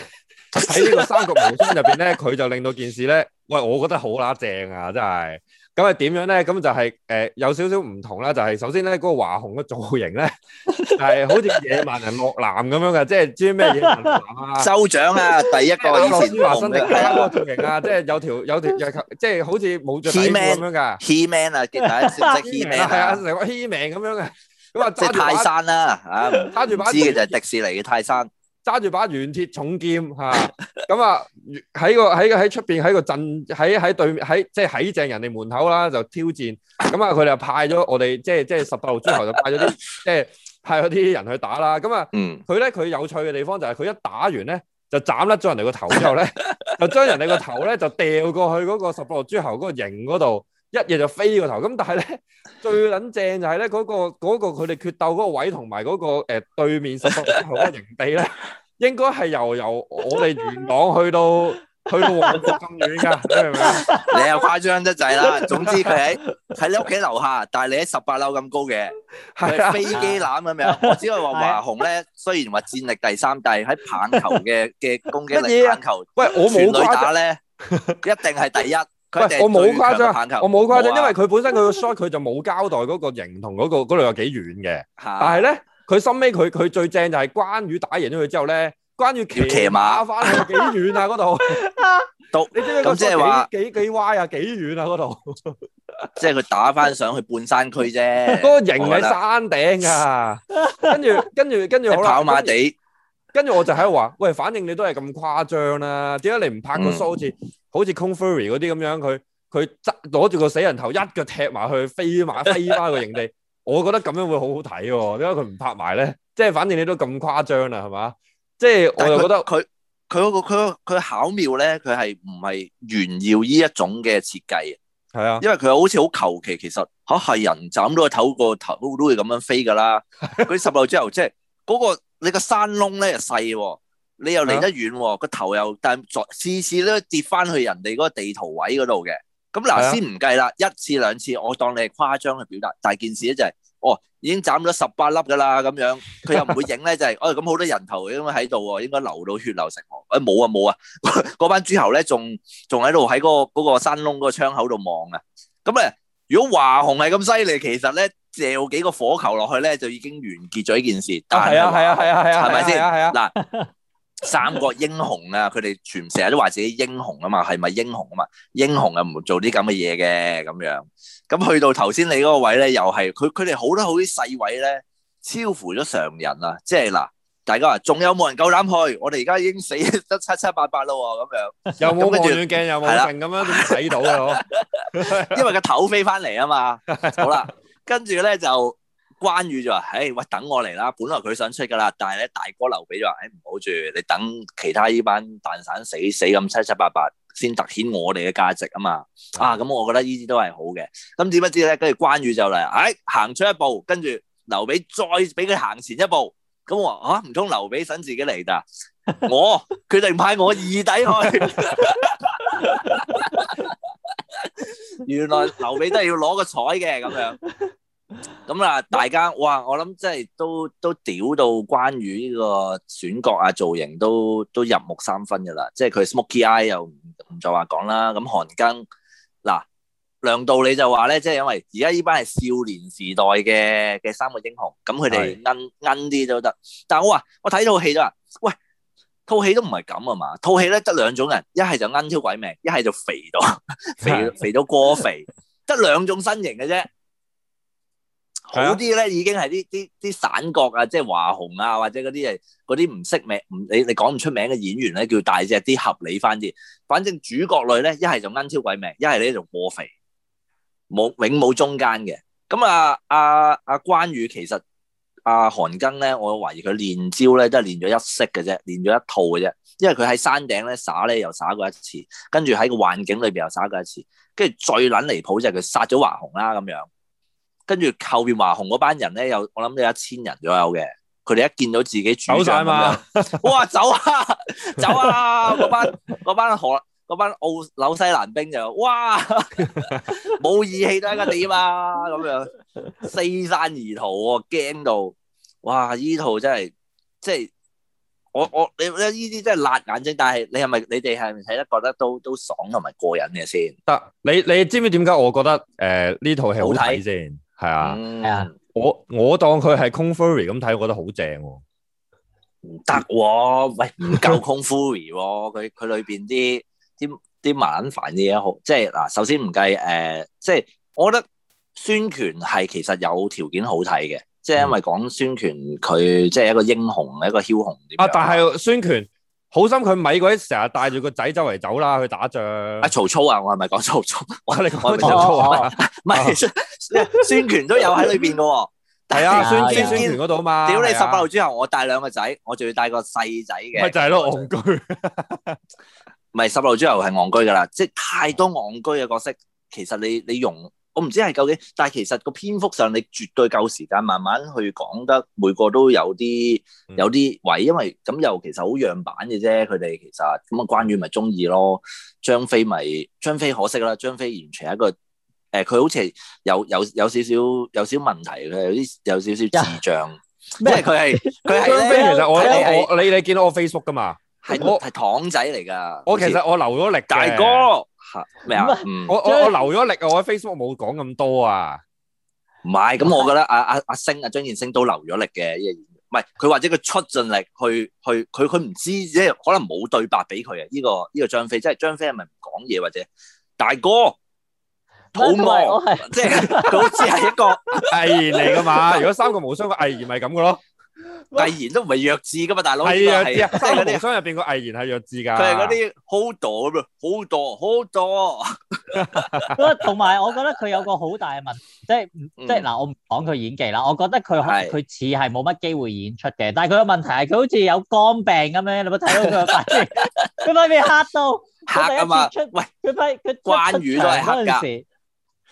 喺呢個三國無雙入邊咧，佢就令到件事咧，喂，我覺得好乸正啊，真係。咁係點樣咧？咁就係誒，有少少唔同啦。就係首先咧，嗰個華雄嘅造型咧，係好似野蠻人洛南咁樣嘅，即係知咩野蠻人啊？州長啊，第一個以前俄羅斯話新嘅，啱啱造型啊，即係有條有條有即係好似冇著底褲咁樣噶。he man 啊，見第一小隻 he man，係啊，成個 he man 咁樣嘅。咁啊，即係泰山啦，啊，揸住嘅就係迪士尼嘅泰山。揸住把原鐵重劍嚇，咁 啊喺個喺個喺出邊喺個陣喺喺對喺即係喺正人哋門口啦就挑戰，咁啊佢哋就派咗我哋即係即係十八路諸侯就派咗啲即係派咗啲人去打啦，咁啊佢咧佢有趣嘅地方就係、是、佢一打完咧就斬甩咗人哋個頭之後咧就將人哋個頭咧就掉過去嗰個十八路諸侯嗰個營嗰度。一嘢就飛過頭，咁但係咧最撚正就係咧嗰個嗰個佢哋決鬥嗰個位同埋嗰個誒對面十八樓嘅營地咧，應該係由由我哋元朗去到去到旺角咁遠噶，係咪啊？你又誇張得滯啦！總之佢喺喺你屋企樓下，但係你喺十八樓咁高嘅，係飛機欖咁樣。我只係話華雄咧，雖然話戰力第三，但係喺棒球嘅嘅攻擊力，棒球喂我冇打咧，一定係第一。喂，我冇誇張，我冇誇張，因為佢本身佢個 shot 佢就冇交代嗰個營同嗰個嗰度有幾遠嘅。但係咧，佢收尾佢佢最正就係關羽打贏咗佢之後咧，關羽騎馬翻去幾遠啊嗰度？你知唔知？咁即係話幾幾歪啊幾遠啊嗰度？即係佢打翻上去半山區啫。嗰個營喺山頂啊！跟住跟住跟住跑馬地。跟住我就喺度話，喂，反正你都係咁誇張啦、啊，點解你唔拍個 show 好似好似 conferry 嗰啲咁樣？佢佢揸攞住個死人頭一腳踢埋去，飛埋飛翻個營地。我覺得咁樣會好好睇喎。點解佢唔拍埋咧？即、就、係、是、反正你都咁誇張啦、啊，係嘛？即、就、係、是、我就覺得佢佢個佢佢巧妙咧，佢係唔係炫耀呢一種嘅設計？係啊的，因為佢好似好求其，其實嚇係人斬到個頭個頭都會咁樣飛噶啦。佢 十樓之後即係嗰個。你個山窿咧又細，你又離得遠，個、啊、頭又，但係再次次都跌翻去人哋嗰個地圖位嗰度嘅。咁嗱，先唔計啦，一次兩次，我當你係誇張去表達。大件事咧就係、是，哦，已經斬咗十八粒噶啦咁樣，佢又唔會影咧 就係、是，哦、哎，咁好多人頭應該喺度喎，應該流到血流成河。誒冇啊冇啊，嗰、啊、 班豬頭咧仲仲喺度喺嗰個山窿嗰個窗口度望啊。咁咧，如果華雄係咁犀利，其實咧～就幾個火球落去咧，就已經完結咗呢件事。但係啊係啊係啊係啊，係咪先啊？嗱、啊，啊啊啊啊啊、三國英雄啊，佢哋全成日都話自己英雄啊嘛，係咪英雄啊嘛？英雄啊唔做啲咁嘅嘢嘅咁樣。咁去到頭先你嗰個位咧，又係佢佢哋好多好啲細位咧，超乎咗常人啊！即係嗱，大家啊，仲有冇人夠膽去？我哋而家已經死得七七八八咯喎，咁樣。有冇望住鏡？有冇剩咁樣睇到啊？因為個頭飛翻嚟啊嘛，好啦。 跟住咧就關羽就話，唉、欸，喂，等我嚟啦！本來佢想出噶啦，但係咧大哥劉備就話，唉、欸，唔好住，你等其他呢班蛋散死死咁七七八八，先凸顯我哋嘅價值啊嘛！啊，咁、嗯啊嗯、我覺得呢啲都係好嘅。咁點不知咧，跟住關羽就嚟、是，唉、欸，行出一步，跟住劉備再俾佢行前一步，咁、嗯、我話啊唔通劉備想自己嚟噶？ 我決定派我二弟去。 原來劉備都係要攞個彩嘅咁樣，咁啊大家哇，我諗即係都都屌到關羽呢個選角啊造型，都都入木三分噶啦，即係佢 smoky eye 又唔就話講啦，咁韓庚嗱，梁道理就話咧，即係因為而家呢班係少年時代嘅嘅三個英雄，咁佢哋奀奀啲都得，但係我話我睇到戲都話喂。套戲都唔係咁啊嘛，套戲咧得兩種人，一係就奀超鬼命，一係就肥到肥肥到過肥，得兩種身形嘅啫。好啲咧已經係啲啲啲散角啊，即係華雄啊，或者嗰啲誒啲唔識名，唔你你講唔出名嘅演員咧叫大隻啲，合理翻啲。反正主角類咧一係就奀超鬼命，一係咧就過肥，冇永冇中間嘅。咁啊阿阿關羽其實。阿韓庚咧，我懷疑佢練招咧都係練咗一式嘅啫，練咗一套嘅啫，因為佢喺山頂咧耍咧又耍過一次，跟住喺個幻境裏邊又耍過一次，跟住最撚離譜就係佢殺咗華雄啦咁樣，跟住後邊華雄嗰班人咧，又我諗都有一千人左右嘅，佢哋一見到自己主走曬、啊、嘛，哇走啊走啊，嗰班嗰班韓嗰班澳紐西蘭兵就哇，冇義氣都係個點啊，咁樣四散而逃喎，驚到哇，呢套真係即係我我你呢呢啲真係辣眼睛，但係你係咪你哋係咪睇得覺得都都爽同埋過癮嘅先？得你你知唔知點解我覺得誒呢套戲好睇先係啊？我我當佢係 Kung Fury 咁睇，我覺得好正唔得喎！喂，唔夠 Kung Fury 喎，佢佢裏邊啲。啲啲麻煩嘅嘢，好，即係嗱，首先唔計誒，即、呃、係、就是、我覺得孫權係其實有條件好睇嘅，即係、嗯、因為講孫權佢即係一個英雄，一個梟雄。啊，但係孫權好心，佢咪嗰啲成日帶住個仔周圍走啦，去打仗。阿、啊、曹操啊，我係咪講曹操？啊、 我你講曹操啊？唔係，孫權都有喺裏邊噶。係啊，孫、啊、權孫權嗰度嘛，屌、啊、你十八路諸侯，我帶兩個仔，我仲要帶個細仔嘅，咪就係咯，戇居。咪，十六之後係戇居噶啦，即係太多戇居嘅角色。其實你你用，我唔知係究竟，但係其實個篇幅上，你絕對夠時間慢慢去講得每個都有啲有啲位，因為咁又其實好樣板嘅啫。佢哋其實咁啊，那個、關羽咪中意咯，張飛咪、就、張、是、飛可惜啦，張飛完全係一個誒，佢、呃、好似有有有，有少少有少問題，佢有啲有少少智障咩？佢係佢係張飛，其實我、啊、我你你見到我 Facebook 噶嘛？係我係糖仔嚟噶，我其實我留咗力，哥力，大哥吓咩啊？我我我留咗力啊！我喺 Facebook 冇講咁多啊。唔係咁，我，是 我覺得阿阿阿星、阿張燕星都留咗力嘅。唔係佢或者佢出盡力去去，佢佢唔知即係可能冇對白俾佢啊。呢個呢個張飛，即係張飛係咪唔講嘢或者大哥土木，即係好似係一個藝員嚟噶嘛？如果三個無雙個藝員，咪咁噶咯？毅然都唔係弱智噶嘛，大佬係啊係啊，即係《封神》入邊個毅然係弱智噶，佢係嗰啲 hold 咁啊 h o l d h o l h o l d 咁啊，同埋 我覺得佢有個好大嘅問題，就是嗯、即係即係嗱，我唔講佢演技啦，我覺得佢佢似係冇乜機會演出嘅。但係佢嘅問題係，佢好似有肝病咁樣，你有冇睇到佢？佢塊面黑到黑啊嘛，第一次出喂，佢塊佢關羽都係黑噶，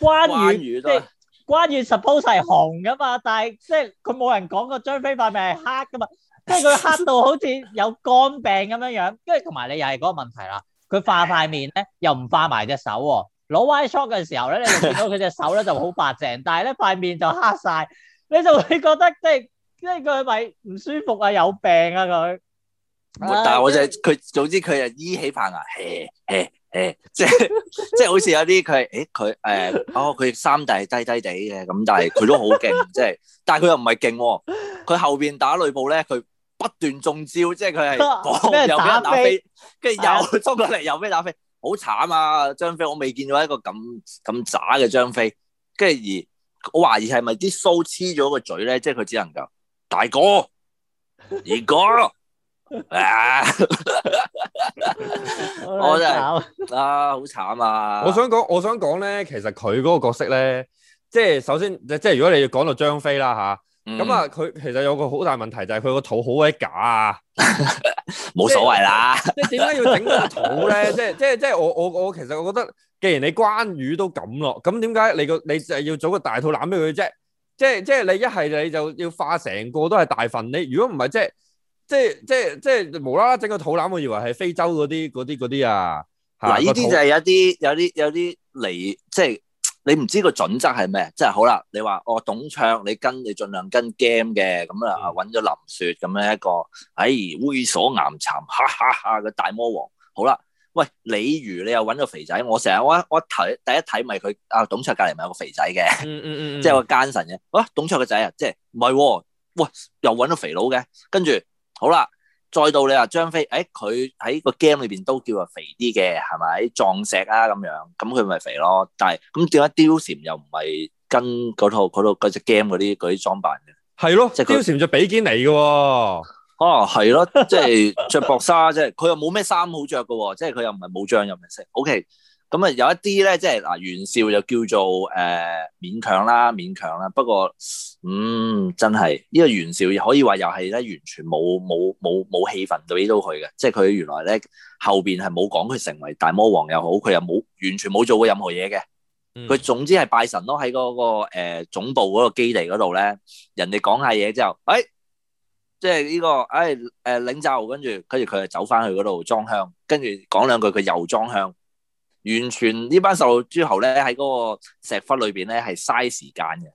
關羽即係。關於 suppose 係紅噶嘛，但係即係佢冇人講過張飛塊面係黑噶嘛，即係佢黑到好似有肝病咁樣樣，跟住同埋你又係嗰個問題啦。佢化塊面咧又唔化埋隻手喎，攞 wide shot 嘅時候咧，你就見到佢隻手咧就好白淨，但係咧塊面就黑晒，你就會覺得即係即係佢咪唔舒服啊，有病啊佢。但係我就係、是、佢，總之佢係依起棚牙啊，嘿嘿、嘿。誒、欸，即係即係好似有啲佢係，誒佢誒，哦佢三弟低低哋嘅，咁但係佢都好勁，即係，但係佢又唔係勁，佢後邊打呂布咧，佢不斷中招，即係佢係又俾人打飛，跟住又衝過嚟又俾人打飛，好慘啊張飛，我未見到一個咁咁渣嘅張飛，跟住而我懷疑係咪啲鬚黐咗個嘴咧，即係佢只能夠大哥二哥。 我真係 啊，好慘啊！我想講，我想講咧，其實佢嗰個角色咧，即係首先，即係如果你要講到張飛啦吓，咁啊，佢、嗯啊、其實有個好大問題就係佢個肚好鬼假啊，冇 所謂啦。 即點解要整個肚咧？即係 即係即係我我我其實我覺得，既然你關羽都咁咯，咁點解你個你就要做個大肚腩俾佢啫？即係即係你一係你就要，要，要化成個都係大份，你如果唔係即係。即係即係即係無啦啦整個肚腩，我以為係非洲嗰啲嗰啲嗰啲啊。嗱，呢啲就係有啲有啲有啲嚟，即係你唔知個準則係咩。即係好啦，你話哦，董卓你跟你盡量跟 game 嘅咁啊，揾咗林雪咁樣一個，喺猥瑣岩沉，哈哈哈嘅大魔王。好啦，喂李儒，你又揾個肥仔，我成日我我睇第一睇咪佢啊董卓隔籬咪有個肥仔嘅、mm, mm, mm. 啊，即係個奸臣嘅。啊董卓嘅仔啊，即係唔係？喂又揾到肥佬嘅，跟住。好啦，再到你話張飛，誒佢喺個 game 裏邊都叫話肥啲嘅，係咪撞石啊咁樣？咁佢咪肥咯。但係咁點解貂蟬又唔係跟嗰套嗰套隻 game 嗰啲啲裝扮嘅？係咯的，即係貂蟬著比堅尼嘅喎。哦，係咯、啊就是， 即係着薄紗啫。佢又冇咩衫好着嘅喎，即係佢又唔係冇將，又唔係食。O、OK、K。咁啊，有一啲咧，即係嗱，袁紹就叫做誒、呃、勉強啦，勉強啦。不過，嗯，真係呢個袁紹可以話又係咧，完全冇冇冇冇氣氛俾到佢嘅。即係佢原來咧後邊係冇講佢成為大魔王又好，佢又冇完全冇做過任何嘢嘅。佢、嗯、總之係拜神咯，喺嗰、那個誒、呃、總部嗰個基地嗰度咧，人哋講下嘢之後，誒、哎，即係呢個誒誒、哎呃、領袖，跟住跟住佢就走翻去嗰度裝香，跟住講兩句，佢又裝香。完全呢班十八諸侯咧喺嗰個石窟裏邊咧係嘥時間嘅，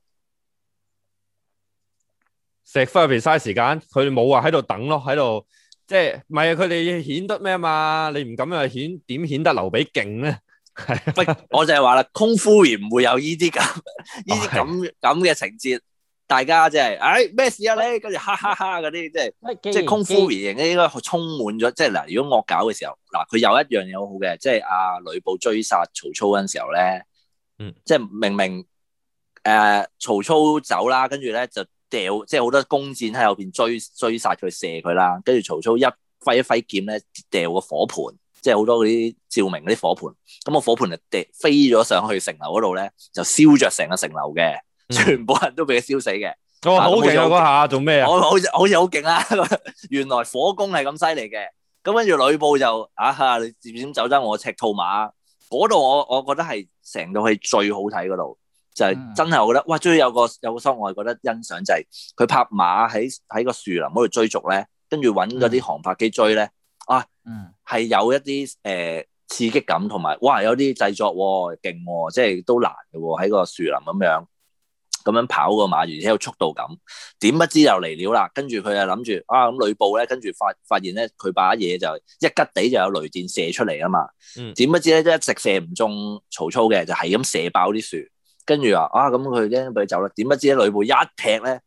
石窟入邊嘥時間，佢冇話喺度等咯，喺度即係，唔係佢哋顯得咩嘛？你唔咁樣顯，點顯得劉備勁咧？係， 我就係話啦，空呼而唔會有呢啲咁呢啲咁咁嘅情節。大家即、就、係、是，哎咩事啊你？跟住、啊、哈哈哈嗰啲，即係即係功夫型嘅，應該充滿咗。即係嗱，如果惡搞嘅時候，嗱，佢有一樣嘢好好嘅，即係阿呂布追殺曹操嗰陣時候咧，嗯，即係明明誒、呃、曹操走啦，跟住咧就掉，即係好多弓箭喺後邊追追殺佢，射佢啦。跟住曹操一揮一揮劍咧，掉個火盆，即係好多嗰啲照明嗰啲火盆。咁、那個火盆就掉飛咗上去城樓嗰度咧，就燒着成個城樓嘅。全部人都俾佢燒死嘅。我好勁啊！嗰下做咩啊？我好似好似好勁啊。原來火攻係咁犀利嘅。咁跟住呂布就啊吓，你點走得我赤兔馬嗰度。我我覺得係成套戲最好睇嗰度，就係真係我覺得哇，終於有個有個收。我係覺得欣賞就係佢拍馬喺喺個樹林嗰度追逐咧，跟住搵嗰啲航拍機追咧啊，係有一啲誒刺激感同埋哇，有啲製作勁，即係都難嘅喎，喺個樹林咁樣。咁樣跑過馬，而且有速度感。點不知又嚟料啦。跟住佢又諗住啊，咁呂布咧，跟住發發現咧，佢把嘢就一吉地就有雷電射出嚟啊嘛。點、嗯、不知咧，一直射唔中曹操嘅，就係咁射爆啲樹。跟住話啊，咁佢咧佢走啦。點不知咧，呂布一劈咧，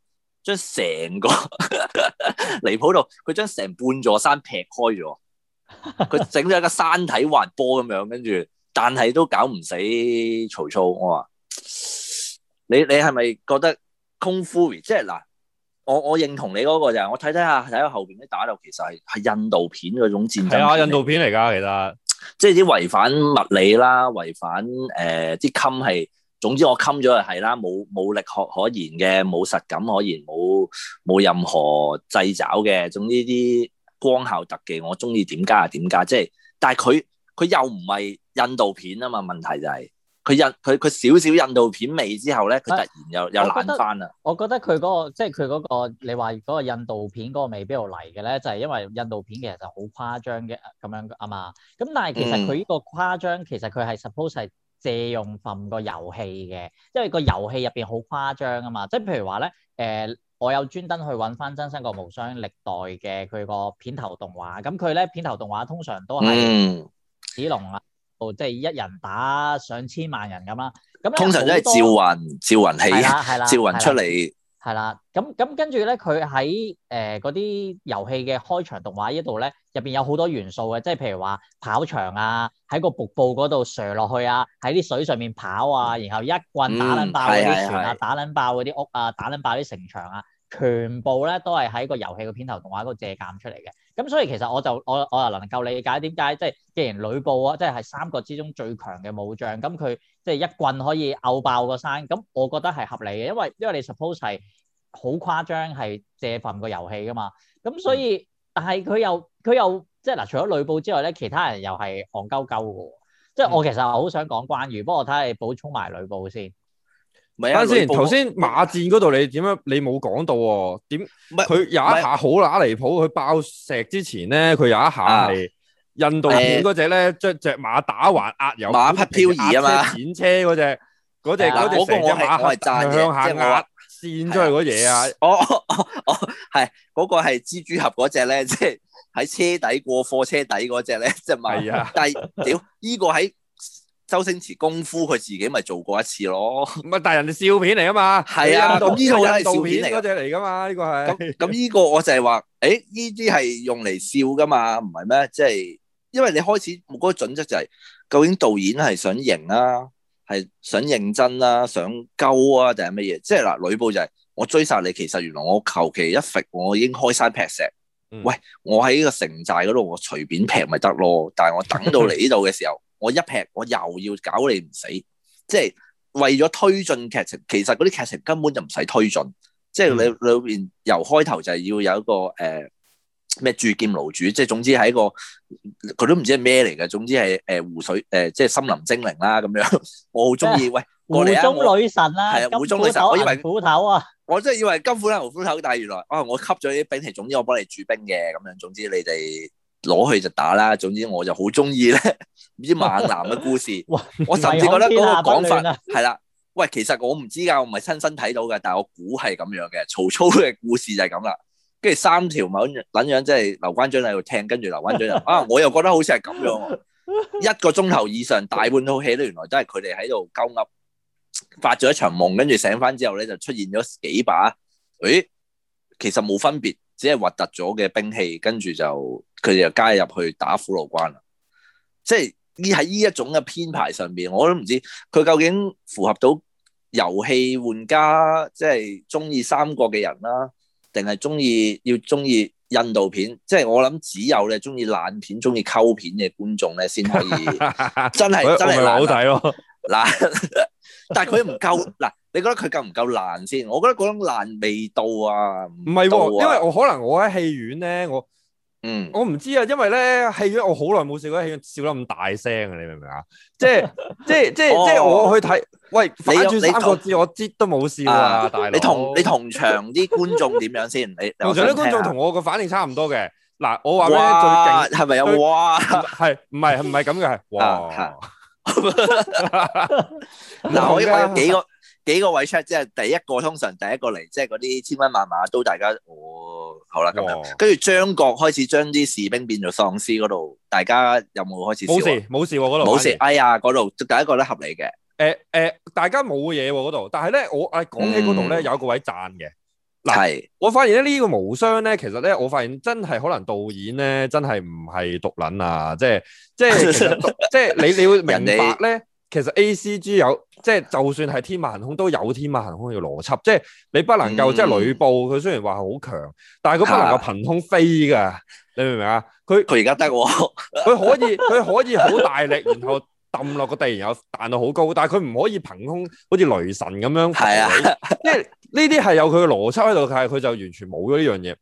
將成個 離譜度，佢將成半座山劈開咗。佢整咗一個山體滑坡咁樣，跟住但係都搞唔死曹操。我話。你你係咪覺得空虛？即係嗱，我我認同你嗰、那個就係我睇睇下睇下後邊啲打鬥，其實係係印度片嗰種戰爭。係啊，印度片嚟㗎，其實即係啲違反物理啦，違反誒啲襟係，總之我襟咗就係、是、啦，冇冇力可可言嘅，冇實感可言，冇冇任何掣肘嘅。總之啲光效特技，我中意點加就點加。即係，但係佢佢又唔係印度片啊嘛？問題就係、是。佢印佢佢少少印度片味之後咧，佢突然又又爛翻啦。我覺得佢嗰、那個即係佢嗰個，你話嗰個印度片嗰個味邊度嚟嘅咧？就係、是、因為印度片其實就好誇張嘅咁樣啊嘛。咁但係其實佢呢個誇張，其實佢係 suppose 係借用份個遊戲嘅，因為個遊戲入邊好誇張啊嘛。即係譬如話咧，誒、呃，我有專登去揾翻《真三國無雙》歷代嘅佢個片頭動畫。咁佢咧片頭動畫通常都係子龍啊。嗯即係一人打上千萬人咁啦。咁通常都係趙雲，趙雲起，係啦， 趙雲出嚟。係啦。咁咁跟住咧，佢喺誒嗰啲遊戲嘅開場動畫呢度咧，入邊有好多元素嘅，即係譬如話跑場啊，喺個瀑布嗰度垂落去啊，喺啲水上面跑啊，然後一棍打捻爆嗰啲船啊，嗯、打捻爆嗰啲屋啊，打捻爆啲城牆啊，全部咧都係喺個遊戲嘅片頭動畫嗰度借鑒出嚟嘅。咁所以其實我就我我又能夠理解點解即係既然呂布啊，即係係三國之中最強嘅武將，咁佢即係一棍可以拗爆個山，咁我覺得係合理嘅，因為因為你 suppose 係好誇張係借份個遊戲噶嘛，咁所以、嗯、但係佢又佢又即係嗱，除咗呂布之外咧，其他人又係戇鳩鳩嘅喎，即係我其實好想講關羽，不過我睇下你補充埋呂布先。等先，頭先馬戰嗰度你點樣？你冇講到喎？點？佢有一下好撚離譜，佢爆石之前咧，佢有一下係印度片嗰隻咧，將隻馬打橫壓油馬匹漂移啊嘛，剪車嗰隻嗰隻嗰隻成隻馬向下壓，跣咗佢嗰嘢啊！哦哦哦哦，係嗰個係蜘蛛俠嗰隻咧，即係喺車底過貨車底嗰隻咧，即係唔係啊？但係屌依個喺～周星馳功夫佢自己咪做過一次咯，唔係但係人哋笑片嚟啊嘛，係啊，咁呢、嗯、套都係笑片嚟嗰隻嚟噶嘛，呢、這個係咁呢個我就係話，誒呢啲係用嚟笑噶嘛，唔係咩？即、就、係、是、因為你開始冇嗰個準則就係、是，究竟導演係想贏啊，係想認真啦、啊啊，想鳩啊定係乜嘢？即係嗱，呂、就是、布就係、是、我追殺你，其實原來我求其一揈，我已經開山劈石，嗯、喂，我喺呢個城寨嗰度，我隨便劈咪得咯，但係我等到嚟呢度嘅時候。 我一劈我又要搞你唔死，即係為咗推進劇情，其實嗰啲劇情根本就唔使推進，即係你裏邊由開頭就係要有一個誒咩鑄劍爐主，即係總之係一個佢都唔知係咩嚟嘅，總之係誒、呃、湖水誒、呃、即係森林精靈啦咁樣，我好中意喂湖中女神啦、啊，係啊湖中女神，女神我以為斧頭啊，我真係以為金斧頭、銀斧頭，但係原來啊我吸咗啲兵係，總之,總之我幫你鑄兵嘅咁樣，總之你哋。攞去就打啦，總之我就好中意咧，唔知猛男嘅故事， 啊、我甚至覺得嗰個講法係啦。喂，其實我唔知噶，我唔係親身睇到嘅，但係我估係咁樣嘅。曹操嘅故事就係咁啦，跟住三條猛捻樣即係劉關張喺度聽，跟住劉關張就啊，我又覺得好似係咁樣、啊。 一個鐘頭以上，大半套戲咧，原來都係佢哋喺度鳩噏，發咗一場夢，跟住醒返之後咧就出現咗幾把，誒、欸，其實冇分別，只係核突咗嘅兵器，跟住就。佢哋又加入去打虎牢關啦，即係呢喺呢一種嘅編排上邊，我都唔知佢究竟符合到遊戲玩家即係中意三國嘅人啦，定係中意要中意印度片？即係我諗只有你中意爛片、中意溝片嘅觀眾咧，先可以 真係真係 好睇咯。嗱， 但係佢唔夠嗱，你覺得佢夠唔夠爛先？我覺得嗰種爛味道啊，唔係、啊啊，因為我可能我喺戲院咧，我。嗯，我唔知啊，因為咧戲我好耐冇笑過戲，笑得咁大聲啊，你明唔明啊？即係即係即係即係我去睇，喂，反轉三個字我知都冇笑啊！大佬，你同你同場啲觀眾點樣先？你同場啲觀眾同我個反應差唔多嘅。嗱，我話咩最勁係咪有？哇，係唔係唔係咁嘅？哇，嗱，我依排有幾個。幾個位出即係第一個，通常第一個嚟，即係嗰啲千軍萬馬都大家哦，好啦咁樣，跟住張國開始將啲士兵變做喪屍嗰度，大家有冇開始？冇事冇事嗰度，冇事。哎呀，嗰度第一個咧合理嘅。誒誒，大家冇嘢嗰度，但係咧我誒講起嗰度咧，有一個位讚嘅。嗱，係，我發現咧呢個無雙咧，其實咧我發現真係可能導演咧真係唔係讀撚啊，即係即係即係你你會明白咧。其實 A C G 有即係，就算係天馬行空都有天馬行空嘅邏輯，即係你不能夠、嗯、即係呂布，佢雖然話好強，但係佢不能夠憑空飛噶，嗯、你明唔明啊？佢佢而家得，佢 可以佢可以好大力，然後掟落個地然後彈到好高，但係佢唔可以憑空好似雷神咁樣，即係呢啲係有佢嘅邏輯喺度，但係佢就完全冇咗呢樣嘢。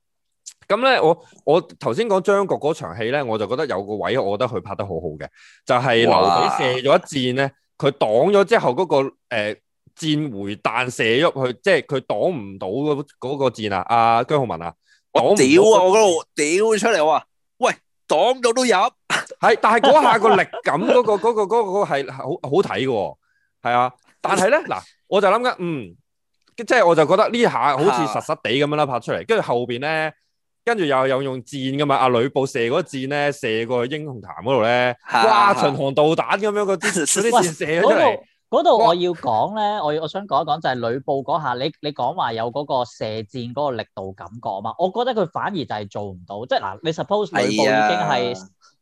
咁咧，我我頭先講張國嗰場戲咧，我就覺得有個位，我覺得佢拍得好好嘅，就係、是、劉備射咗一箭咧，佢哇擋咗之後嗰、那個箭、呃、回彈射入去，即係佢擋唔到嗰個箭啊！阿姜浩文啊，擋唔到啊！我屌佢出嚟我話，喂，擋到都入，係，但係嗰下個力感嗰、那個嗰 個嗰係好好睇嘅、哦，係啊！但係咧嗱，我就諗緊，嗯，即、就、係、是、我就覺得呢下好似實，實實地咁樣啦拍出嚟，跟住後邊咧。跟住又又用箭噶嘛？阿呂布射嗰箭咧，射過去英雄潭嗰度咧， 哇！巡航導彈咁樣嗰啲嗰箭射出，嗰度我要講咧， 我我想講一講就係呂布嗰下，你你講話有嗰個射箭嗰個力度感覺嘛？我覺得佢反而就係做唔到，即係嗱，你 suppose 呂布已經係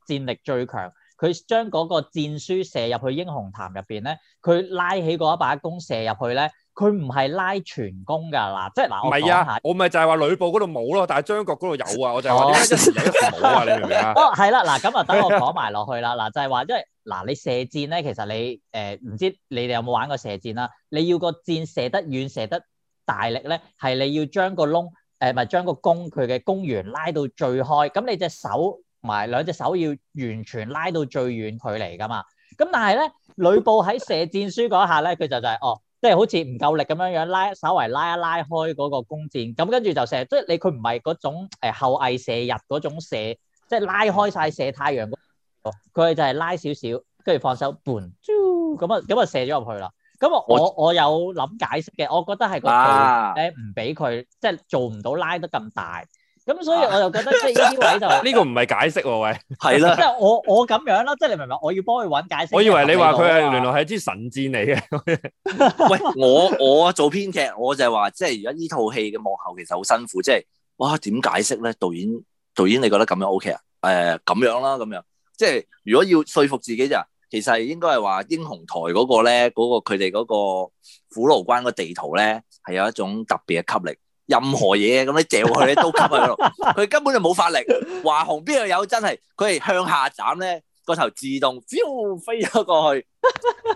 戰力最強，佢將嗰個戰書射入去英雄潭入邊咧，佢拉起嗰一把弓射入去咧。佢唔係拉全弓噶嗱，即係嗱，我講下，我咪就係話，呂布嗰度冇咯，但係張角嗰度有啊，我就係話呢個字唔好啊，你明唔明啊？哦，係啦，嗱，咁啊，等我講埋落去啦，嗱，就係話，因為嗱，你射箭咧，其實你誒唔知你哋有冇玩過射箭啦？你要個箭射得遠、射得大力咧，係你要將個窿誒，咪將個弓佢嘅弓弦拉到最開，咁你隻手同埋兩隻手要完全拉到最遠距離噶嘛。咁但係咧，呂布喺射箭書嗰下咧，佢就就係哦。即係好似唔夠力咁樣樣，拉稍微拉一拉開嗰個弓箭，咁跟住就射。即係你佢唔係嗰種誒後羿射日嗰種射，即係拉開晒射太陽，佢就係拉少少，跟住放手半，咁啊咁啊射咗入去啦。咁啊我我有諗解釋嘅，我覺得係個力誒唔俾佢，即係做唔到拉得咁大。咁、嗯、所以我就覺得即係呢位就呢 個唔係解釋喎，喂，係啦的，即係 我我咁樣啦，即係你明唔明？我要幫佢揾解釋。 我以為你話佢係原來係一支神箭嚟嘅。 喂，我我做編劇，我就係話，即係而家呢套戲嘅幕後其實好辛苦，即係哇點解釋咧？導演導演，你覺得咁樣 OK 啊？誒、呃、咁樣啦，咁樣，樣，即係如果要説服自己就，其實應該係話英雄台嗰個咧，嗰、那個佢哋嗰個虎牢關個地圖咧，係有一種特別嘅吸力。任何嘢咁你掉落去咧都吸喺度，佢根本就冇法力。華雄邊度有真係佢係向下斬咧個頭自動飛飛咗過去，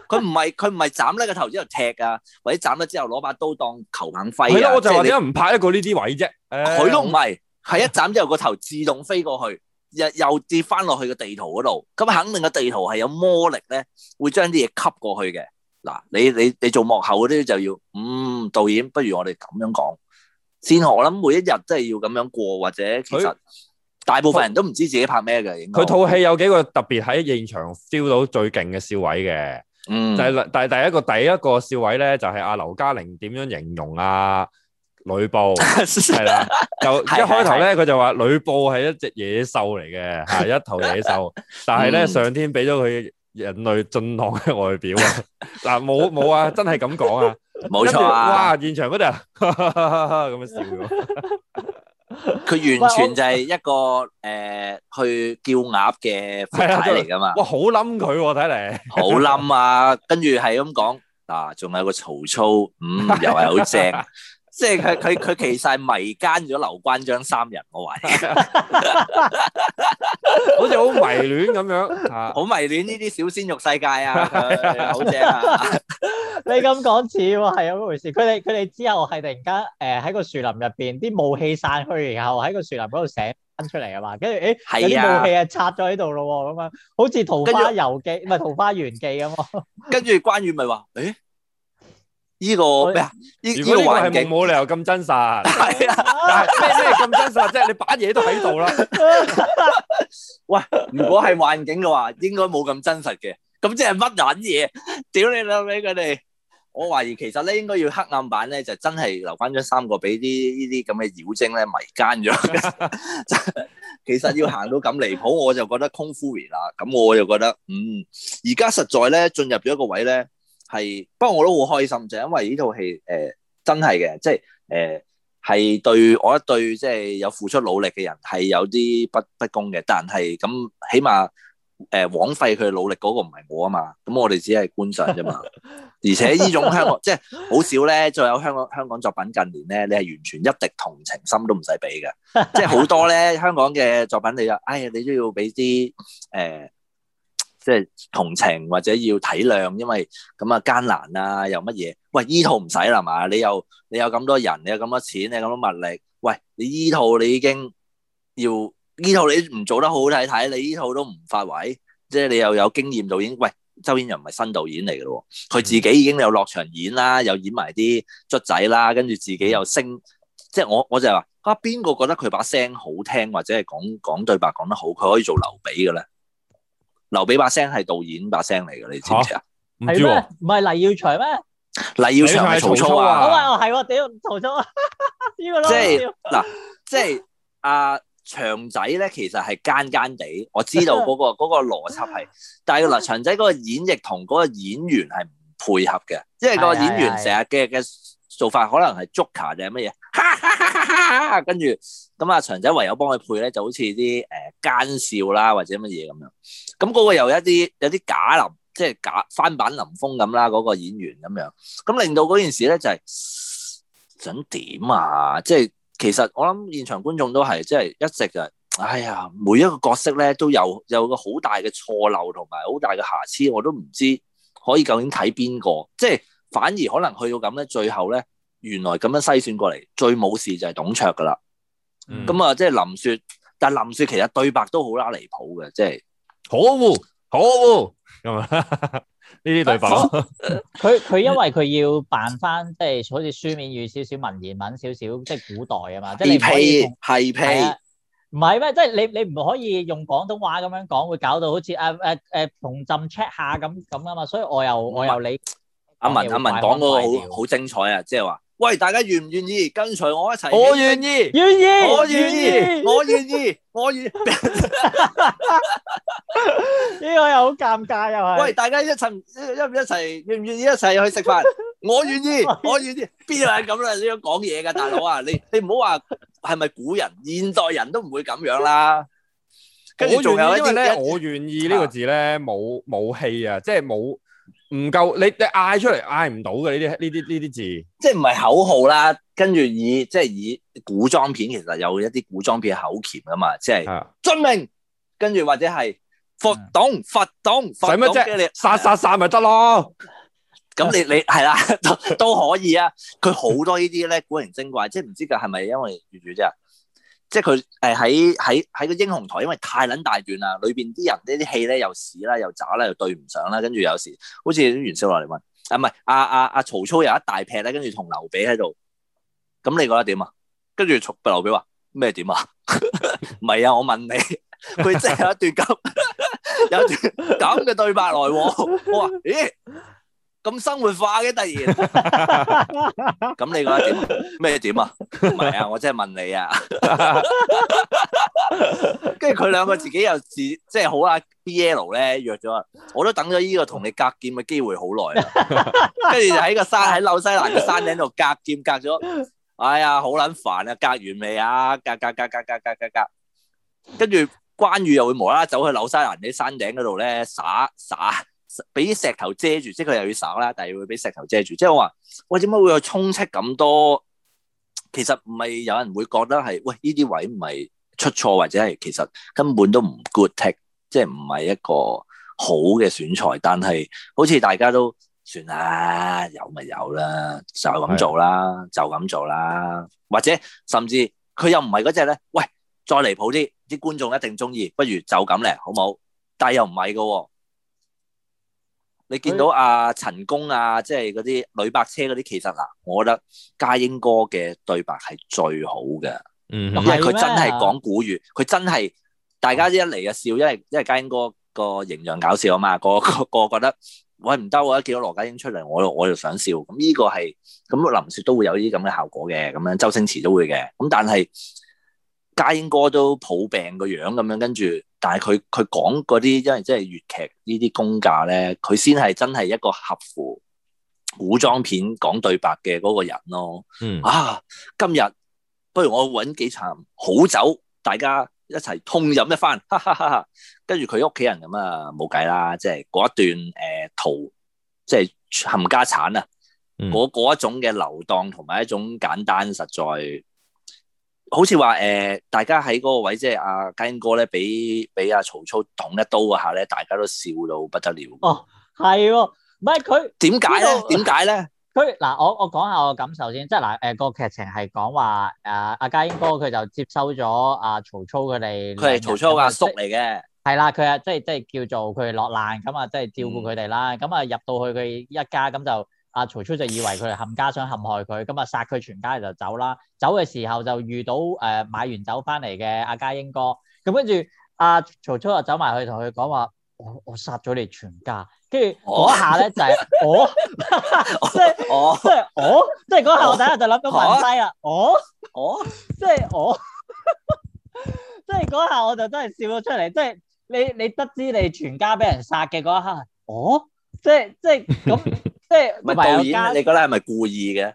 佢唔係佢唔係斬咧個頭之後踢啊？或者斬咗之後攞把刀當球棒飛啊？係咯，我就話點解唔拍一個呢啲位啫？佢都唔係係一斬之後個頭自動飛過去，又又跌翻落去個地圖嗰度，咁肯定個地圖係有魔力咧，會將啲嘢吸過去嘅。嗱，你你你做幕後嗰啲就要嗯，導演，不如我哋咁樣講。善學，我諗每一日都係要咁樣過，或者其實大部分人都唔知自己拍咩嘅。佢套戲有幾個特別喺現場 feel 到最勁嘅笑位嘅，嗯，但係但係第一個第一個笑位咧就係阿劉嘉玲點樣形容阿呂布係啦，就一開頭咧佢就話呂布係一隻野獸嚟嘅，係一頭野獸，但係咧上天俾咗佢人類俊朗嘅外表啊，嗱冇冇啊，真係咁講啊！冇錯啊！哇，現場嗰度咁樣笑，佢完全就係一個誒，去叫鴨嘅姿態嚟㗎嘛？哇，好冧佢，睇嚟好冧啊！跟住係咁講嗱，仲有個曹操，嗯，又係好正，即係佢佢佢其實係迷奸咗劉關張三人個位。 好似好迷戀咁樣，好迷戀呢啲小鮮肉世界啊，好正啊！你咁講似喎，有咩回事。佢哋佢哋之後係突然間誒喺個樹林入邊啲霧氣散去，然後喺個樹林嗰度醒翻出嚟啊嘛。跟住誒，欸啊、有啲霧氣係插咗喺度咯，咁樣好似《桃花遊記》唔係著《桃花源記》啊、欸、嘛。跟住關羽咪話誒。呢、這個咩啊？呢個環境冇理由咁真實，係啊咩咩咁真實啫？ 你把嘢都喺度啦。喂，如果係幻境嘅話，應該冇咁真實嘅。咁即係乜捻嘢？屌你老味佢哋！我懷疑其實咧，應該要黑暗版咧，就真係留翻咗三個俾啲呢啲咁嘅妖精咧迷奸咗。 其實要行到咁離譜，我就覺得空虛啦。咁我又覺得，嗯，而家實在咧，進入咗一個位咧。係，不過我都好開心，就因為呢套戲，誒、呃，真係嘅，即係誒，係、呃、對我一對即係、就是、有付出努力嘅人，係有啲不不公嘅。但係咁起碼，誒、呃，枉費佢努力嗰個唔係我啊嘛，咁我哋只係觀賞啫嘛。而且呢種香港，即係好少咧，仲有香港香港作品近年咧，你係完全一滴同情心都唔使俾嘅，即係好多咧香港嘅作品，你就哎呀，你都要俾啲誒。呃即係同情或者要體諒，因為咁啊艱難啊又乜嘢？喂，依套唔使啦嘛，你又你有咁多人，你有咁多錢，你咁多物力，喂，你依套你已經要依套你唔做得好睇睇，你依套都唔發位，即係你又有經驗導演。喂，周顯揚唔係新導演嚟嘅咯，佢自己已經有落場演啦，又演埋啲卒仔啦，跟住自己又聲。即係我我就係話，啊邊個覺得佢把聲好聽或者係講講對白講得好，佢可以做劉備嘅咧？留俾把聲係導演把聲嚟嘅，你知唔知啊？唔知唔係黎耀祥咩？黎耀祥係曹操啊！好、哦哎哦、 啊，係我屌曹操啊！即係嗱，即係阿祥仔咧，其實係奸奸地。我知道嗰、那個嗰、那個邏輯係， 但係嗱，祥仔嗰個演繹同嗰個演員係唔配合嘅，即、就、係、是、個演員成日嘅嘅做法可能係 Joker 定係乜嘢，哈哈，跟住咁啊祥仔唯有幫佢配咧，就好似啲誒奸笑啦，或者乜嘢咁樣。咁嗰個又有一啲有啲假林，即係假翻版林峰咁啦，嗰個演員咁樣，咁令到嗰件事咧就係想點啊！即係其實我諗現場觀眾都係即係一直嘅，哎呀，每一個角色咧都有有個好大嘅錯漏同埋好大嘅瑕疵，我都唔知可以究竟睇邊個，即係反而可能去到咁咧，最後咧原來咁樣篩選過嚟，最冇事就係董卓噶啦。咁啊，嗯，即係，嗯嗯嗯，林雪，但係林雪其實對白都好啦離譜嘅，即係。可惡，可惡咁啊！呢啲對白，佢 佢 因為佢要扮翻，即係好似書面語少少、文言文少少，即係古代啊嘛、呃、嘛，即係你可以係皮，唔係咩？即係你你唔可以用廣東話咁樣講，會搞到好似誒誒誒，同、啊啊啊啊、朕 check 下咁咁啊嘛，所以我又我又你阿文阿文講個好好精彩啊，即係話。喂，大家願唔願意跟隨我一齊？我願意，願意，我願意，我願意，我願。呢個又好尷尬又係。喂，大家一齊，一唔一齊，願唔願意一齊去食飯？我願意，我願意。邊個係咁啦？你要講嘢噶，大佬啊，你你唔好話係咪古人，現代人都唔會咁樣啦。我願意，有一啲咧，我願意呢個字咧冇冇氣啊，即係冇。唔夠你你嗌出嚟嗌唔到嘅呢啲呢啲呢啲字，即係唔係口號啦。跟住以即係以古裝片，其實有一啲古裝片口訣噶嘛，即係遵命。跟住或者係佛動佛動，使乜啫？你殺殺殺咪得咯。咁你你係啦，都可以啊。佢好多呢啲咧古靈精怪， 即係唔知佢係咪因為粵語啫？即係佢誒喺喺喺個英雄台，因為太撚大段啦，裏邊啲人呢啲戲咧又屎啦，又渣啦，又對唔上啦，跟住有時好似啲袁紹落嚟問，啊唔係阿阿阿曹操有一大劈咧，跟住同劉備喺度，咁你覺得點啊？跟住曹劉備話咩點啊？唔係 啊，我問你，佢真係有一段咁有一段咁嘅 對白嚟喎，我話咦？咁生活化嘅突然，咁、 嗯、你覺得點咩點啊？唔係啊，我真係問你啊。跟住佢兩個自己又自即係好啦、啊、BL 咧約咗，我都等咗呢個同你隔劍嘅機會好耐。啊。跟住就喺個山喺紐西蘭嘅山頂度隔劍隔咗，哎呀好捻煩啊！隔完未啊？隔隔隔隔隔隔隔，隔，跟住關羽又會無啦啦走去紐西蘭啲山頂嗰度咧耍耍。俾啲石頭遮住，即係佢又要耍啦，但係會俾石頭遮住。即係我話，喂、哎，點解會有充斥咁多？其實唔係有人會覺得係喂，呢啲位唔係出錯，或者係其實根本都唔 good take，即係唔係一個好嘅選材。但係好似大家都算啦，有咪有啦，就咁做啦是的，就咁做啦。是的 或者甚至佢又唔係嗰隻咧，喂，再離譜啲，啲觀眾一定中意，不如就咁咧，好冇？但係又唔係噶。你見到阿、啊、陳工陳宮啊，即係嗰啲女白車嗰啲，其實嗱，我覺得家英哥嘅對白係最好嘅。嗯，嗯，但係佢真係講古語，佢嗎真係大家一嚟就笑，因為因為家英哥個形象搞笑啊嘛。個個個覺得喂，唔得，我一見到羅家英出嚟，我我就想笑。咁呢個係咁林雪都會有啲咁嘅效果嘅，咁樣周星馳都會嘅。咁但係家英哥都抱病個樣咁樣，跟住。但係佢佢講嗰啲，因為即係粵劇呢啲工價咧，佢先係真係一個合乎古裝片講對白嘅嗰個人咯。嗯，啊，今日不如我揾幾盞好酒，大家一齊痛飲一番，哈哈哈，哈！跟住佢屋企人咁啊，冇計啦，即係嗰一段誒圖、呃，即係冚家產啊！嗰、嗯、一種嘅流蕩同埋一種簡單實在。好似話誒，大家喺嗰個位，即係阿嘉英哥咧，俾俾阿曹操捅一刀嗰下咧，大家都笑到不得了。哦，係喎，唔係佢點解咧？點解咧？佢嗱，我我講下我感受先，即係嗱誒，個劇情係講話誒阿嘉英哥佢就接收咗阿曹操佢哋，佢係曹操阿叔嚟嘅，係啦，佢係即係即係叫做佢落難咁啊，即係照顧佢哋啦，咁啊入到去佢一家咁就。阿曹操就以為佢哋冚家想陷害佢，咁啊殺佢全家就走啦。走嘅時候就遇到誒買完酒翻嚟嘅阿家英哥，咁跟住阿曹操就走埋去同佢講話：我我殺咗你全家。跟住嗰下咧就係、是、哦，即、oh? 係、就是、我，即係我，即係嗰下我第一下就諗到文西啦，哦，我，即係哦，即係嗰下我就真係笑咗出嚟。即、就、係、是、你你得知你全家俾人殺嘅嗰一刻，哦，即係即係咁。Well? 即係唔係而家你覺得係咪故意嘅？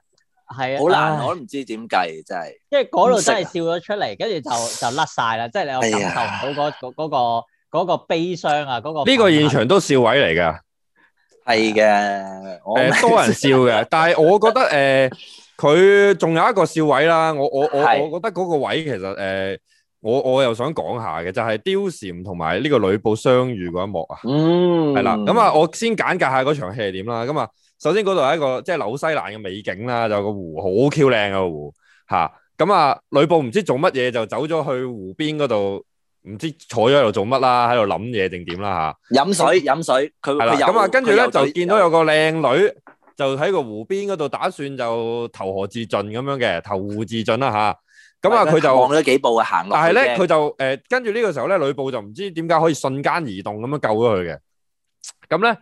係啊，好難，我都唔知點計，真係。即係嗰度真係笑咗出嚟，跟住就就甩晒啦，即係你又感受唔到嗰嗰個個悲傷啊，嗰個呢個現場都笑位嚟噶，係嘅，誒多人笑嘅，但係我覺得誒佢仲有一個笑位啦，我我我我覺得嗰個位其實誒我我又想講下嘅就係貂蟬同埋呢個呂布相遇嗰一幕啊，嗯，係啦，咁啊我先簡介下嗰場戲係點啦，咁啊。首先嗰度係一個即係紐西蘭嘅美景啦，就個湖好 Q 靚湖吓。咁啊，呂布唔知做乜嘢就走咗去湖邊嗰度，唔知坐咗喺度做乜啦，喺度諗嘢定點啦吓。飲水，飲水。佢係啦。咁啊，跟住咧就見到有個靚女就喺個湖邊嗰度打算就投河自盡咁樣嘅，投湖自盡啦吓。咁啊，佢就行咗幾步啊，行落。但係咧，佢就誒，跟住呢個時候咧，呂布就唔知點解可以瞬間移動咁樣救咗佢嘅。咁咧。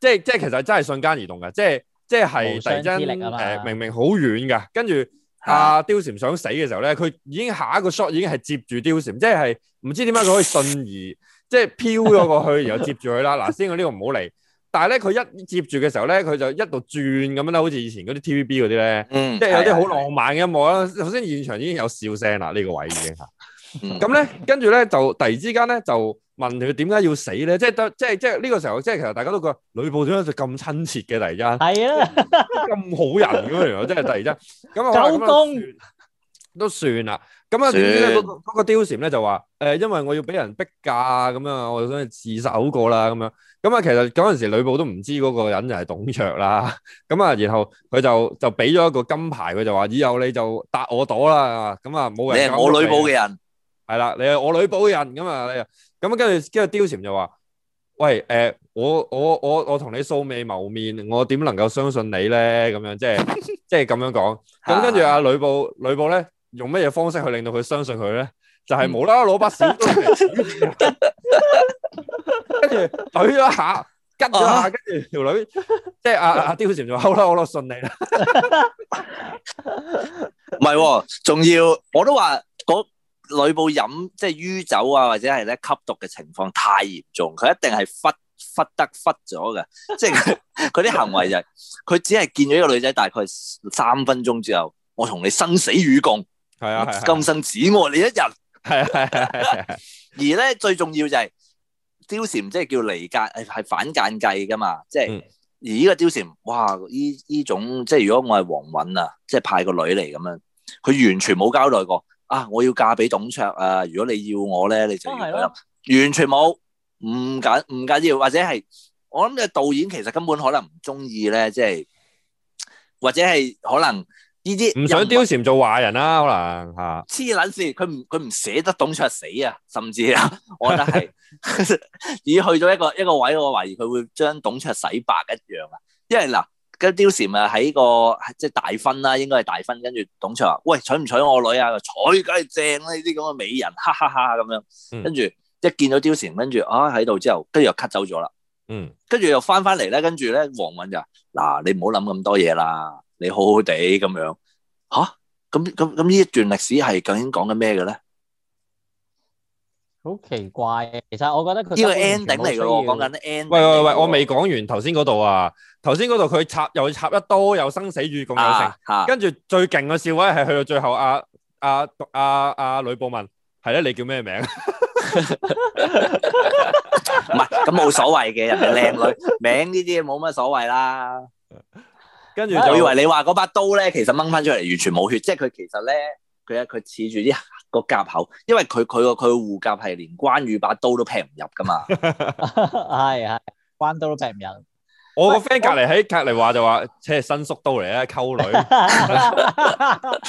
即係即係，其實真係瞬間移動嘅，即係即係，突然間誒，明明好遠嘅，跟住阿貂蟬想死嘅時候咧，佢已經下一個 shot 已經係接住貂蟬，即係唔知點解佢可以瞬移，即係飄咗過去，然後接住佢啦。嗱，先我呢個唔好理，但係咧佢一接住嘅時候咧，佢就一度轉咁樣啦，好似以前嗰啲 TVB 嗰啲咧，嗯、即係有啲好浪漫嘅音樂啦。首先 現場已經有笑聲啦，呢、這個位已經吓，咁咧跟住咧就突然之間咧就。就問佢點解要死咧？即係得，即係即係呢個時候，即係其實大家都覺得呂布點解是、啊哦、就咁親切嘅突嚟？咋、嗯、係躬啊，咁好人嘅咩？即係突然間，咁啊，九公都算啦。咁啊，點知咧嗰個貂蟬咧就話：誒、欸，因為我要俾人逼嫁啊，咁樣，我就想自殺好過啦。咁樣，咁啊，其實嗰陣時呂布都唔知嗰個人就係董卓啦。咁啊，然後佢就就俾咗一個金牌，佢就話：以後你就搭我朵啦。咁啊，冇人,人。你係我呂布嘅人，係啦，你係我呂布嘅人咁啊。咁啊，跟住跟住，貂蟬就話：，喂，誒，我我我我同你素未謀面，我點能夠相信你咧？咁樣，即係即係咁樣講。咁跟住阿呂布，呂布咧用乜嘢方式去令到佢相信佢咧？就係無啦啦攞把小刀嚟，跟住舉咗下，吉咗下，跟住條女，即係阿阿貂蟬就話：，好啦，好啦，我都信你啦。唔係，仲要我都話嗰。呂布飲，即係酗酒啊，或者係咧吸毒嘅情況太嚴重，佢一定係忽忽得忽咗嘅， 即係佢啲行為就係、是，佢只係見咗一個女仔，大概三分鐘之後，我同你生死與共，係啊，今生只愛你一人，係啊係而咧最重要就係貂蟬即係叫離間，係反間計噶嘛，即係而呢個貂蟬，哇呢依種即係如果我係王允啊，即係派個女嚟咁樣，佢完全冇交代過。啊！我要嫁俾董卓啊！如果你要我咧，你就完全冇唔緊唔緊要，或者係我諗嘅導演其實根本可能唔中意咧，即係或者係可能呢啲唔想貂蟬做壞人啦、啊，可能吓黐撚線，佢唔佢唔捨得董卓死啊，甚至啊，我覺得係 已經去咗一個一個位，我懷疑佢會將董卓洗白一樣啊，因為嗱。跟貂蟬啊喺個即係大婚啦，應該係大婚，跟住董卓話：喂，娶唔娶我女啊？娶梗係正啦！呢啲咁嘅美人，哈哈哈咁樣。跟住一見到貂蟬，跟住啊喺度之後，跟住又 cut 走咗啦。嗯，跟住又翻翻嚟咧，跟住咧王允就話：嗱，你唔好諗咁多嘢啦，你好好地咁樣。吓、啊？咁咁咁呢一段歷史係究竟講緊咩嘅咧？好奇怪，其實我覺得佢呢個 ending 嚟噶喎，我講緊 ending。喂喂喂，我未講完。頭先嗰度啊，頭先嗰度佢插又插一刀，又生死與共，又剩，跟住最勁嘅笑位係去到最後，阿阿阿阿呂布問係咧，你叫咩名？唔係，咁冇所謂嘅，人哋靚女名呢啲嘢冇乜所謂啦。跟住就我以為你話嗰把刀咧，其實掹翻出嚟完全冇血，即係佢其實咧，佢啊佢恃住啲。個夾口，因為佢佢個佢護甲係連關羽把刀都劈唔入噶嘛 ，係係，關刀都劈唔入。我個 friend 隔籬喺但隔籬話我就話，即係新叔刀嚟啦，溝女。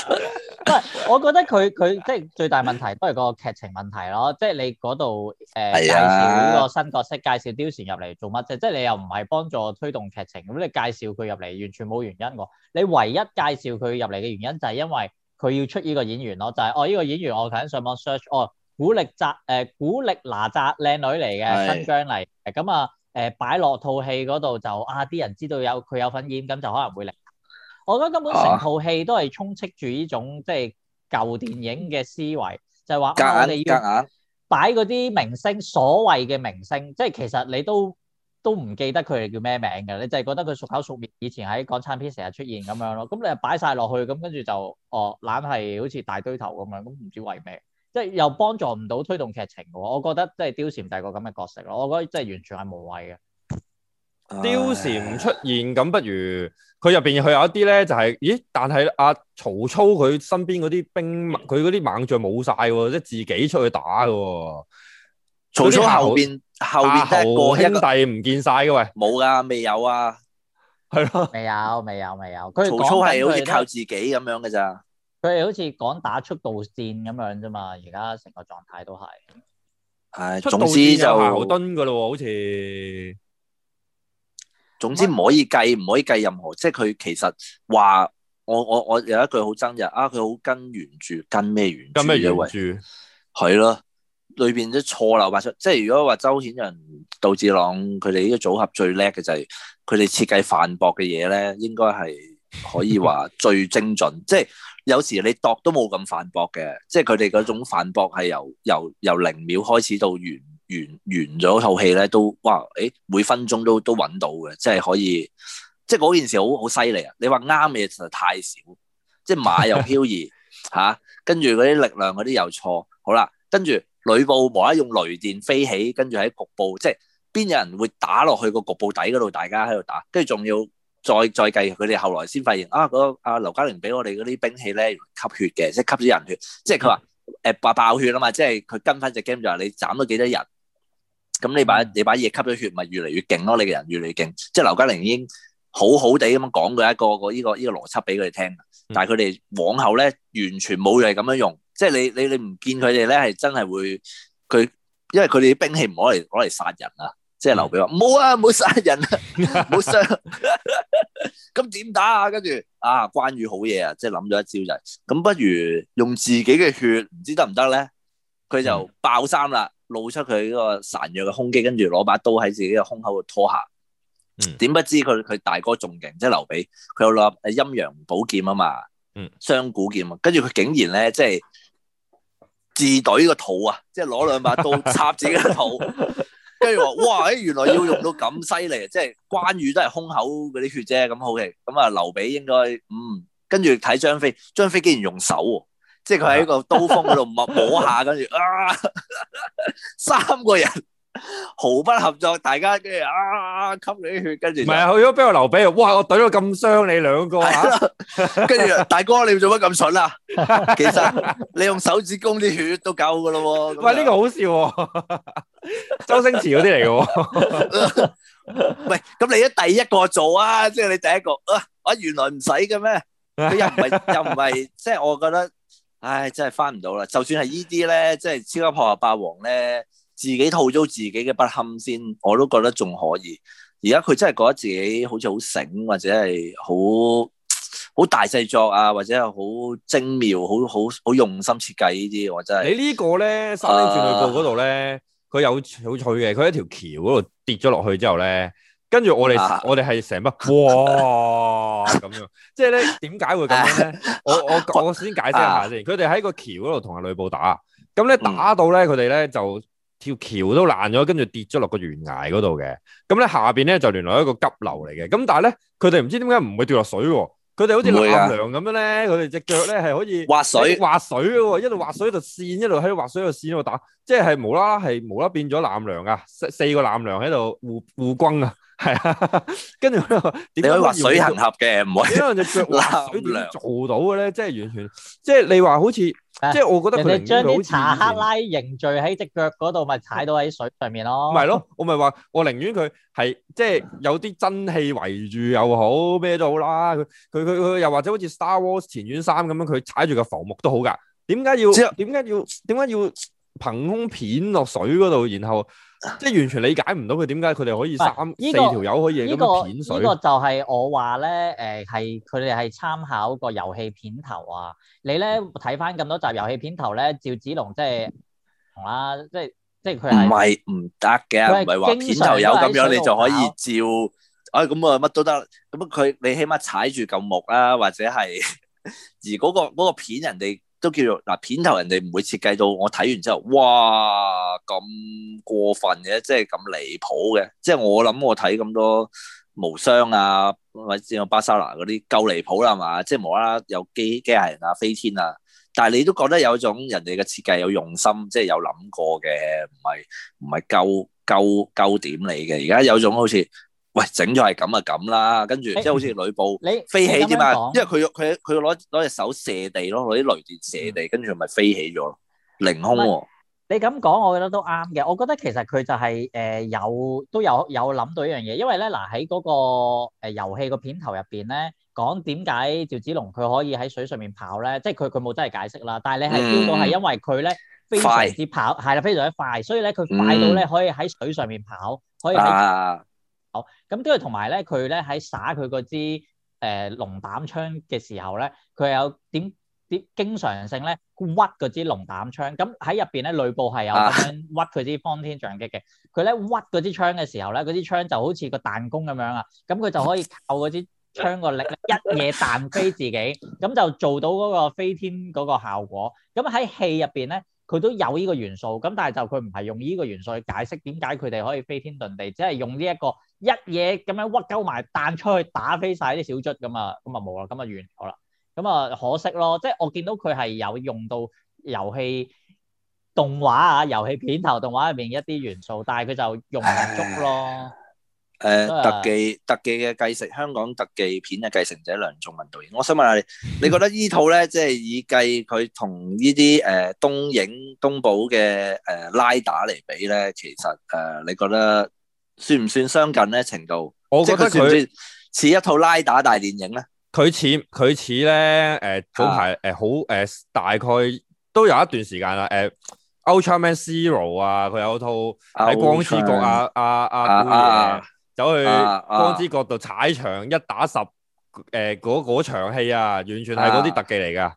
我覺得佢佢即係最大問題都係個劇情問題咯。即係你嗰度誒介紹呢個新角色，介紹貂蟬入嚟做乜啫？即係你又唔係幫助推動劇情，咁你介紹佢入嚟完全冇原因喎。你唯一介紹佢入嚟嘅原因就係因為。佢要出呢個演員咯，就係哦呢個演員，就是哦這個、演員我想上網 search 哦古力扎，誒古力娜扎靚女嚟嘅，新疆嚟，咁是啊誒、呃、擺落套戲嗰度就啊，啲人知道有佢有份演，咁就可能會嚟。我覺得根本成套戲都係充斥住呢種即係、就是、舊電影嘅思維，就係話夾硬夾硬、硬、硬、啊、你擺嗰啲明星所謂嘅明星，即係其實你都。都唔記得佢係叫咩名嘅，你就係覺得佢熟口熟面，以前喺港產片成日出現咁樣咯。咁你又擺晒落去，咁跟住就哦，懶係好似大堆頭咁樣，咁唔知為咩，即係又幫助唔到推動劇情嘅喎。我覺得即係貂蟬第二個咁嘅角色咯，我覺得即係完全係無謂嘅。貂蟬、哎、呀出現咁，不如佢入邊佢有一啲咧、就是，就係咦？但係阿、啊、曹操佢身邊嗰啲兵佢嗰啲猛將冇晒，即係自己出去打嘅。曹操後邊。後邊得一個、啊、兄弟唔見晒嘅喂，冇噶個未有啊，係咯吧，未有未有未有。曹操係好似靠自己咁樣嘅咋？佢係好似講打速度戰咁樣啫嘛。而家成個狀態都係，唉、哎，速度戰就好敦噶咯。好似總之唔可以計，唔可以計任何。麼即係佢其實話，我我我有一句好憎嘅，啊，佢好跟原著，跟咩原著？跟咩原著？係咯。裏邊都錯漏百出，即係如果話周顯揚、杜致朗佢哋呢個組合最叻嘅就係佢哋設計反駁嘅嘢咧，應該係可以話最精準。 即係有時你度都冇咁反駁嘅，即係佢哋嗰種反駁係由由由零秒開始到完完完咗套戲咧都哇！誒、欸、每分鐘都都揾到嘅，即係可以，即係嗰件事好好犀利啊！你話啱嘅嘢實在太少，即係馬又漂移嚇、 啊，跟住嗰啲力量嗰啲又錯，好啦，跟住。呂布無啦，用雷電飛起，跟住喺瀑布，即係邊有人會打落去個瀑布底嗰度，大家喺度打，跟住仲要再再計佢哋後來先發現啊，嗰、嗰個、啊、劉嘉玲俾我哋嗰啲兵器咧吸血嘅，即係吸咗人血，即係佢話誒爆爆血啊嘛，即係佢跟翻隻 game 就話你斬咗幾多人，咁你把你把嘢吸咗血咪越嚟越勁咯，你嘅人越嚟越勁，即係劉嘉玲已經。好好地咁樣講佢一個一個呢個呢個邏輯俾佢哋聽，但係佢哋往後咧完全冇嘢咁樣用，即係你你你唔見佢哋咧係真係會佢，因為佢哋啲兵器唔攞嚟攞嚟殺人啊！即係劉備話：冇 啊，冇殺人啊，冇傷。咁點打啊？跟住啊，關羽好嘢啊！即係諗咗一招就係，咁不如用自己嘅血，唔知得唔得咧？佢就爆衫啦，露出佢嗰個孱弱嘅胸肌，跟住攞把刀喺自己嘅胸口度拖下。點、嗯、不知佢佢大哥仲勁，即係劉備，佢有把陰陽寶劍啊嘛，雙股劍啊，跟住佢竟然咧，即係自懟個肚啊，即係攞兩把刀插自己個肚，跟住話哇，原來要用到咁犀利，即係關羽都係胸口嗰啲血啫，咁好嘅，咁啊劉備應該嗯，跟住睇張飛，張飛竟然用手喎，即係佢喺個刀鋒度抹抹下，跟住啊，三個人。毫不合作，大家跟住啊，吸你啲血，跟住唔係啊，去咗邊個劉備啊？哇，我懟到咁傷你兩個啊！跟住大哥，你要做乜咁蠢啊？其實你用手指公啲血都夠噶咯喎。喂，呢個好笑，周星馳嗰啲嚟嘅。喂，咁你一第一個做啊？即係你第一個啊？啊，原來唔使嘅咩？佢又唔係又唔係，即係我覺得，唉，真係翻唔到啦。就算係呢啲咧，即係超級破亞霸王咧。自己吐糟自己嘅不堪先，我都覺得仲可以。而家佢真係覺得自己好似好醒，或者係好好大製作啊，或者係好精妙、好好好用心設計呢啲，我真係。喺呢個咧《三英戰呂布》嗰度咧，佢有好趣嘅。佢喺條橋嗰度跌咗落去之後咧，跟住我哋我哋係成乜？哇咁樣。即係咧，點解會咁樣咧？我我我先解釋下先。佢哋喺個橋嗰度同阿呂布打，咁咧打到咧佢哋咧就。.條橋都爛咗，跟住跌咗落個懸崖嗰度嘅。咁咧下邊咧就連落一個急流嚟嘅。咁但係咧，佢哋唔知點解唔會跌落水。佢哋好似纜梁咁樣咧，佢哋隻腳咧係可以滑水，滑水嘅，一路滑水一路扇，一路喺度滑水，喺度扇，喺度打，即係無啦啦係無啦變咗纜梁啊！四四個纜梁喺度護護軍啊，係啊。跟住點可以滑水行峽嘅？唔會，因為隻腳滑水做到嘅咧，即係完全，即係你話好似。即係我覺得佢將啲查克拉凝聚喺隻腳嗰度，咪踩到喺水上面咯。唔係 咯，我咪話我寧願佢係即係有啲真氣圍住又好咩都好啦。佢佢佢佢又或者好似 Star Wars 前傳三咁樣，佢踩住個浮木都好噶。點解要點解道要點解要憑空片落水嗰度，然後？即係完全理解唔到佢點解佢哋可以三、這個、四條友可以影咁片水。呢、這個這個就係我話咧，誒係佢哋係參考個遊戲片頭啊。你咧睇翻咁多集遊戲片頭咧，趙子龍即係同啦，即係即係佢係唔係唔得嘅。唔係話片頭有咁樣，你就可以照。哎，咁啊乜都得。咁佢你起碼踩住嚿木啦、啊，或者係而嗰、那個、那個那個片人哋。都叫做嗱片頭，人哋唔會設計到我睇完之後，哇咁過分嘅，即係咁離譜嘅。即係我諗我睇咁多無雙啊，或者巴沙娜嗰啲夠離譜啦，係嘛？即係無啦啦有機機械人啊，飛天啊。但係你都覺得有種人哋嘅設計有用心，即係有諗過嘅，唔係唔係夠夠夠，夠點你嘅。而家有種好似。喂，整咗係咁啊咁啦，跟住即係好似呂布飛起啫嘛，因為佢佢佢攞攞隻手射地咯，攞啲雷電射地，跟住咪飛起咗咯，凌空喎。你咁講，我覺得都啱嘅。我覺得其實佢就係誒有都有有諗到一樣嘢，因為咧嗱喺嗰個誒遊戲個片頭入邊咧，講點解趙子龍佢可以喺水上面跑咧，即係佢佢冇真係解釋啦。但係你係 feel 到係因為佢咧非常之跑係啦，非常之快，所以咧佢快到咧可以喺水上面跑，可以喺。好，咁都係同埋咧，佢咧喺耍佢嗰支誒龍膽槍嘅時候咧，佢有點點經常性咧屈嗰支龍膽槍，咁喺入邊咧呂布係有咁樣屈佢支方天仗戟嘅，佢咧屈嗰支槍嘅時候咧，嗰支槍就好似個彈弓咁樣啊，咁佢就可以靠嗰支槍個力一嘢彈飛自己，咁就做到嗰個飛天嗰個效果，咁喺戲入邊咧。佢都有呢個元素，咁但係就佢唔係用呢個元素去解釋點解佢哋可以飛天遁地，只係用呢、這個、一個一嘢咁樣屈鳩埋彈出去打飛晒啲小卒。咁啊，咁啊冇啦，咁啊完好啦，咁啊可惜咯，即係我見到佢係有用到遊戲動畫啊，遊戲片頭動畫入面一啲元素，但係佢就用唔足咯。誒、嗯，特技特技嘅繼承，香港特技片嘅繼承者梁仲文導演，我想問下你，你覺得套呢套咧，即係以計佢同呢啲誒東影東寶嘅誒拉打嚟比咧，其實誒、呃、你覺得算唔算相近咧程度？我覺得佢似一套拉打大電影咧，佢似佢似咧誒，早排誒好誒，大概都有一段時間啦。誒、呃、Ultraman Zero 啊，佢有套喺光之國啊啊啊啊。啊啊啊啊啊啊走去光之角度踩場一打十，誒嗰嗰場戲啊，完全係嗰啲特技嚟噶，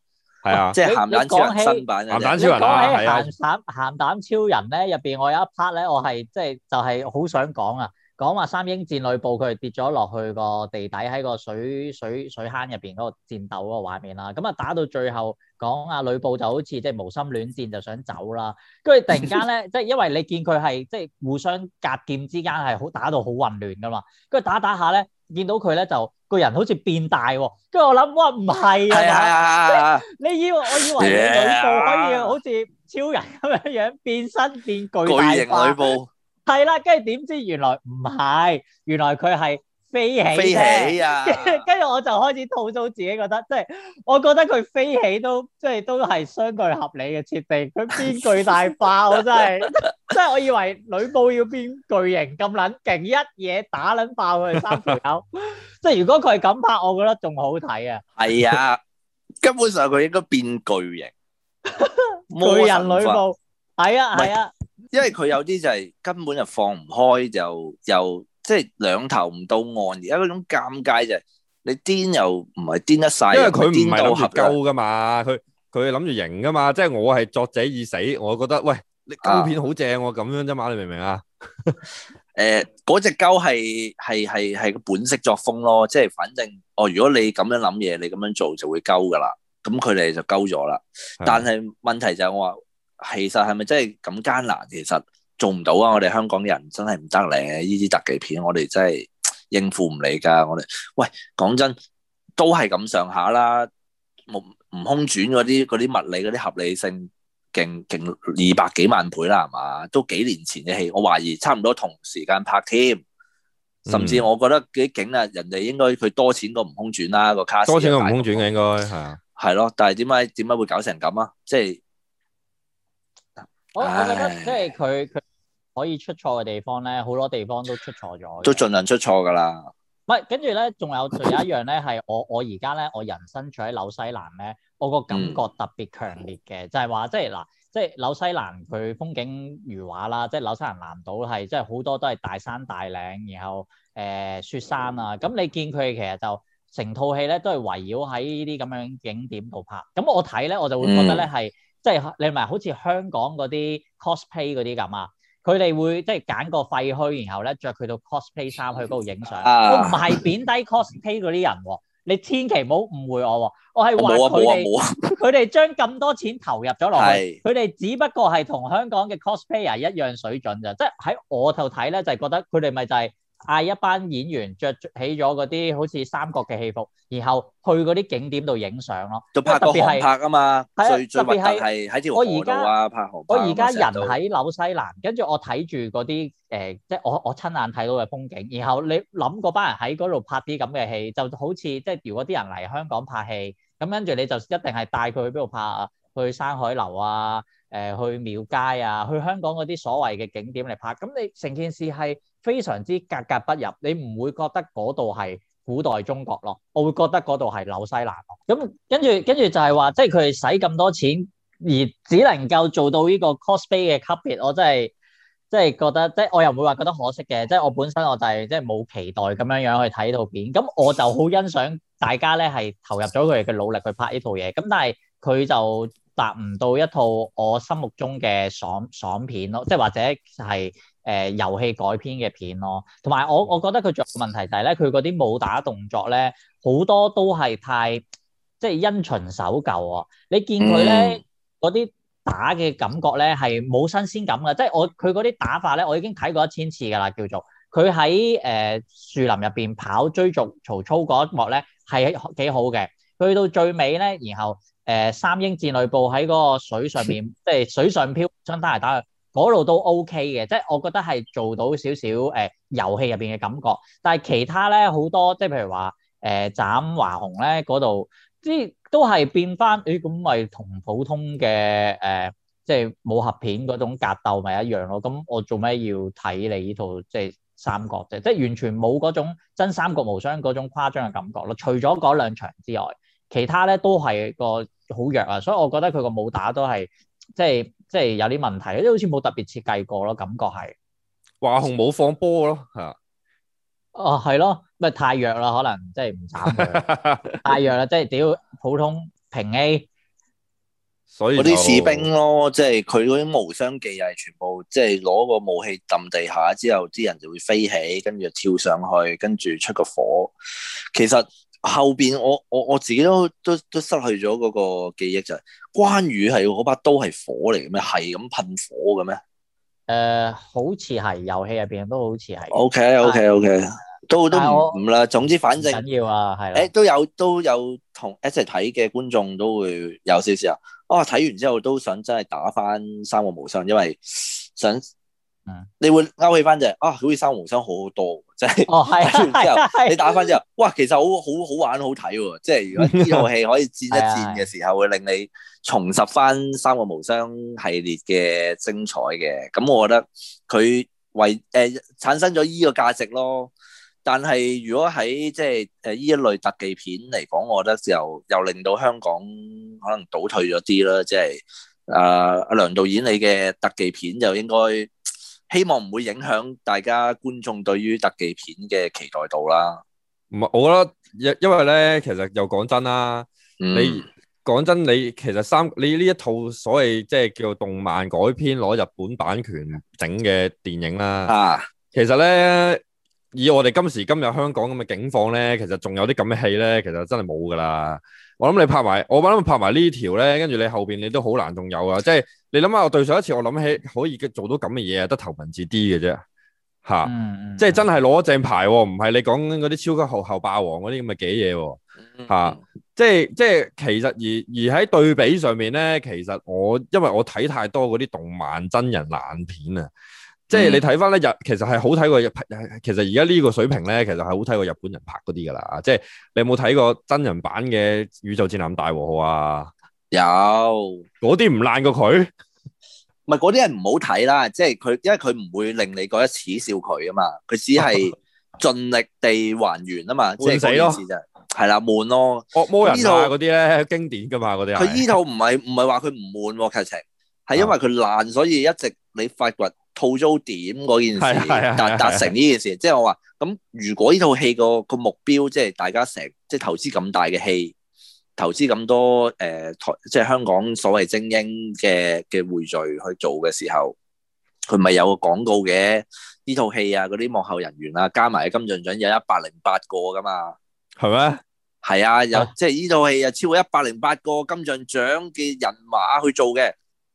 係啊，啊。即係鹹蛋超人新版咧，鹹蛋超人。鹹蛋鹹蛋超人咧入邊，我有一 part 咧，我係即係就係、是、好想講啊。講話三英戰呂布，佢係跌咗落去個地底喺個水水水坑入邊嗰個戰鬥嗰個畫面啦。咁啊打到最後，講阿呂布就好似即係無心戀戰，就想走啦。跟住突然間咧，即係因為你見佢係即係互相格劍之間係好打到好混亂噶嘛。跟住打打下咧，見到佢咧就個人好似變大喎。跟住我諗，哇唔係啊， 你以為我以為呂布可以好似超人咁樣樣變身變巨型呂布。係啦，跟住點知原來唔係，原來佢係飛起飛起啊！跟住我就開始吐槽自己，覺得即係我覺得佢飛起都即係都係相對合理嘅設定。佢變巨大化，我真係即係我以為呂布要變巨型咁撚勁，一嘢打撚爆佢三條友。即係如果佢係咁拍，我覺得仲好睇啊！係啊，根本上佢應該變巨型巨人呂布，係啊係啊。因為佢有啲就係根本就放唔開，又又即係兩頭唔到岸，而家嗰種尷尬就係你癲又唔係癲得晒，因為佢唔係有合鳩噶嘛，佢佢諗住型噶嘛，即係我係作者已死，我覺得喂，你鳩片好正喎，我咁樣啫嘛，你明唔明啊？誒，嗰隻鳩係係係係個本色作風咯，即係反正哦，如果你咁樣諗嘢，你咁樣做就會鳩噶啦，咁佢哋就鳩咗啦。但係問題就係我話。其實係咪真係咁艱難？其實做唔到啊！我哋香港人真係唔得咧，呢啲特技片我哋真係應付唔嚟噶。我哋喂，講真，都係咁上下啦。《悟悟空傳》嗰啲啲物理嗰啲合理性，勁勁二百幾萬倍啦，係嘛？都幾年前嘅戲，我懷疑差唔多同時間拍添。嗯、甚至我覺得啲景啊，人哋應該佢多錢過《悟空傳》啦個卡，多錢過《悟空傳》嘅應該係啊。係咯吧，但係點解點解會搞成咁啊？即係。我我覺得即係佢佢可以出錯嘅地方咧，好多地方都出錯咗。都盡量出錯噶啦。唔係，跟住咧，仲有仲有一樣咧，係 我我而家咧，我人生住喺紐西蘭咧，我個感覺特別強烈嘅、嗯、就係話，即係嗱，即係紐西蘭佢風景如畫啦，即係紐西蘭南島係即係好多都係大山大嶺，然後誒、呃、雪山啊，咁你見佢其實就成套戲咧都係圍繞喺呢啲咁樣景點度拍。咁我睇咧，我就會覺得咧係。嗯即係、就是、你唔係好似香港嗰啲 cosplay 嗰啲咁啊，佢哋會即係揀個廢墟，然後咧着佢到 cosplay 衫去嗰度影相。唔係貶低 cosplay 嗰啲人喎、啊，你千祈唔好誤會我喎、啊。我係話佢哋，佢哋、啊啊啊、將咁多錢投入咗落去，佢哋只不過係同香港嘅 cosplayer 一樣水準咋。即係喺我頭睇咧，就係覺得佢哋咪就係、是。嗌一班演員着起咗嗰啲好似三國嘅戲服，然後去嗰啲景點度影相咯。就拍特別係拍啊嘛，特別係喺朝陽路啊，拍，拍我而家人喺紐西蘭，跟住我睇住嗰啲誒，即、呃、係、就是、我我親眼睇到嘅風景。然後你諗嗰班人喺嗰度拍啲咁嘅戲，就好似即係如果啲人嚟香港拍戲，咁跟住你就一定係帶佢去邊度拍啊？去山海樓啊？誒、呃，去廟街啊？去香港嗰啲所謂嘅景點嚟拍。咁你成件事係。非常之格格不入，你唔會覺得嗰度係古代中國咯，我會覺得嗰度係紐西蘭咯。咁跟住跟住就係話，即係佢哋使咁多錢而只能夠做到呢個 cosplay 嘅級別。我真係即係覺得，即係我又唔會話覺得可惜嘅，即係我本身我就係、是、即係冇期待咁樣樣去睇套片。咁我就好欣賞大家咧係投入咗佢哋嘅努力去拍呢套嘢。咁但係佢就達唔到一套我心目中嘅爽爽片咯，即係或者係。誒，遊戲、呃、改編嘅片咯，同埋我，我覺得佢仲有個問題呢，就係咧，佢嗰啲武打動作咧，好多都係太，即係因循守舊啊、哦！你見佢咧嗰啲打嘅感覺咧，係冇新鮮感噶，即係我佢嗰啲打法咧，我已經睇過一千次噶啦，叫做佢喺誒樹林入邊跑追逐曹操嗰一幕咧，係幾好嘅。去到最尾咧，然後誒、呃、三英戰呂布喺嗰個水上邊，即係全水上漂張單嚟打。嗰度都 OK 嘅，即係我覺得係做到少少誒遊戲入邊嘅感覺。但係其他咧好多，即係譬如話誒、呃、斬華雄咧嗰度，即係都係變翻，誒咁咪同普通嘅誒、呃、即係武俠片嗰種格鬥咪一樣咯。咁我做咩要睇你呢套即係三國啫？即係完全冇嗰種真三國無雙嗰種誇張嘅感覺咯。除咗嗰兩場之外，其他咧都係個好弱啊，所以我覺得佢個武打都係即係。即係有啲問題，即好似冇特別設計過咯，感覺係華雄冇放波咯，係哦係咯，咪太弱啦，可能即係唔慘， 太弱啦，即係屌普通平 A，所以嗰啲士兵咯，即係佢嗰啲無雙技又係全部即係攞個武器揼地下之後，啲人就會飛起，跟住就跳上去，跟住出個火，其實。後邊我我我自己都都都失去咗嗰個記憶，就係關羽係嗰把刀係火嚟嘅咩？係咁噴火嘅咩？誒好似係遊戲入邊都好似係 OK OK OK 都都唔啦但我 總之反正緊要，要啊係誒、欸、都有都有同一齊睇嘅觀眾都會有少少啊啊睇完之後都想真係打返三國無雙，因為想。你會勾起翻隻啊，好似三國無雙好好多，即係哦係啊，你打翻之後，哇，其實好好好玩好睇嘅、啊，即係如果呢套戲可以戰一戰嘅時候，啊、會令你重拾翻《三國無雙》系列嘅精彩嘅。咁、嗯、我覺得佢為誒、呃、產生咗呢個價值咯。但係如果喺即係誒呢一類特技片嚟講，我覺得就又令到香港可能倒退咗啲啦。即係誒阿梁導演你嘅特技片就應該。希望唔會影響大家觀眾對於特技片嘅期待度啦。唔係，我覺得因因為咧，其實又講真啦，你講真，你其實三你呢一套所謂即係叫做動漫改編攞日本版權整嘅電影啦。啊，其實咧，以我哋今時今日香港咁嘅境況咧，其實仲有啲咁嘅戲咧，其實真係冇㗎喇。我諗你拍埋，我諗拍埋呢條咧，跟住你後邊你都好難仲有啊，即係。你諗下，我對上一次我諗起可以做到咁嘅嘢，得頭文字啲嘅啫。吓、啊，mm hmm. 即係真係攞正牌，唔係你講緊嗰啲超級豪豪霸王嗰啲咁嘅幾嘢，吓、啊 mm hmm.，即係即係其實而而喺對比上面咧，其實我因為我睇太多嗰啲動漫真人爛片啊，即係你睇翻咧日，其實係好睇過日、mm hmm.，其實而家呢個水平咧，其實係好睇過日本人拍嗰啲噶啦，即係你有冇睇過真人版嘅宇宙戰艦大和號啊？有嗰啲唔爛過佢，唔係嗰啲係唔好睇啦，即係佢，因為佢唔會令你覺得恥笑佢啊嘛，佢只係盡力地還原啊嘛，即係嗰件事就係啦，悶咯。惡魔人 套悶啊嗰啲咧經典噶嘛，嗰啲係。佢呢套唔係唔係話佢唔悶劇情，係因為佢爛， 所以一直你發掘套租點嗰件事達達成呢件事，即係、 就是、我話咁，如果呢套戲個個目標即係大家成即係投資咁大嘅戲。投資咁多誒台、呃，即係香港所謂精英嘅嘅匯聚去做嘅時候，佢咪有個廣告嘅呢套戲啊，嗰啲幕後人員啦、啊，加埋金像獎有一百零八個㗎嘛，係咩嗎？係啊，有即係呢套戲又、啊、超過一百零八個金像獎嘅人馬去做嘅，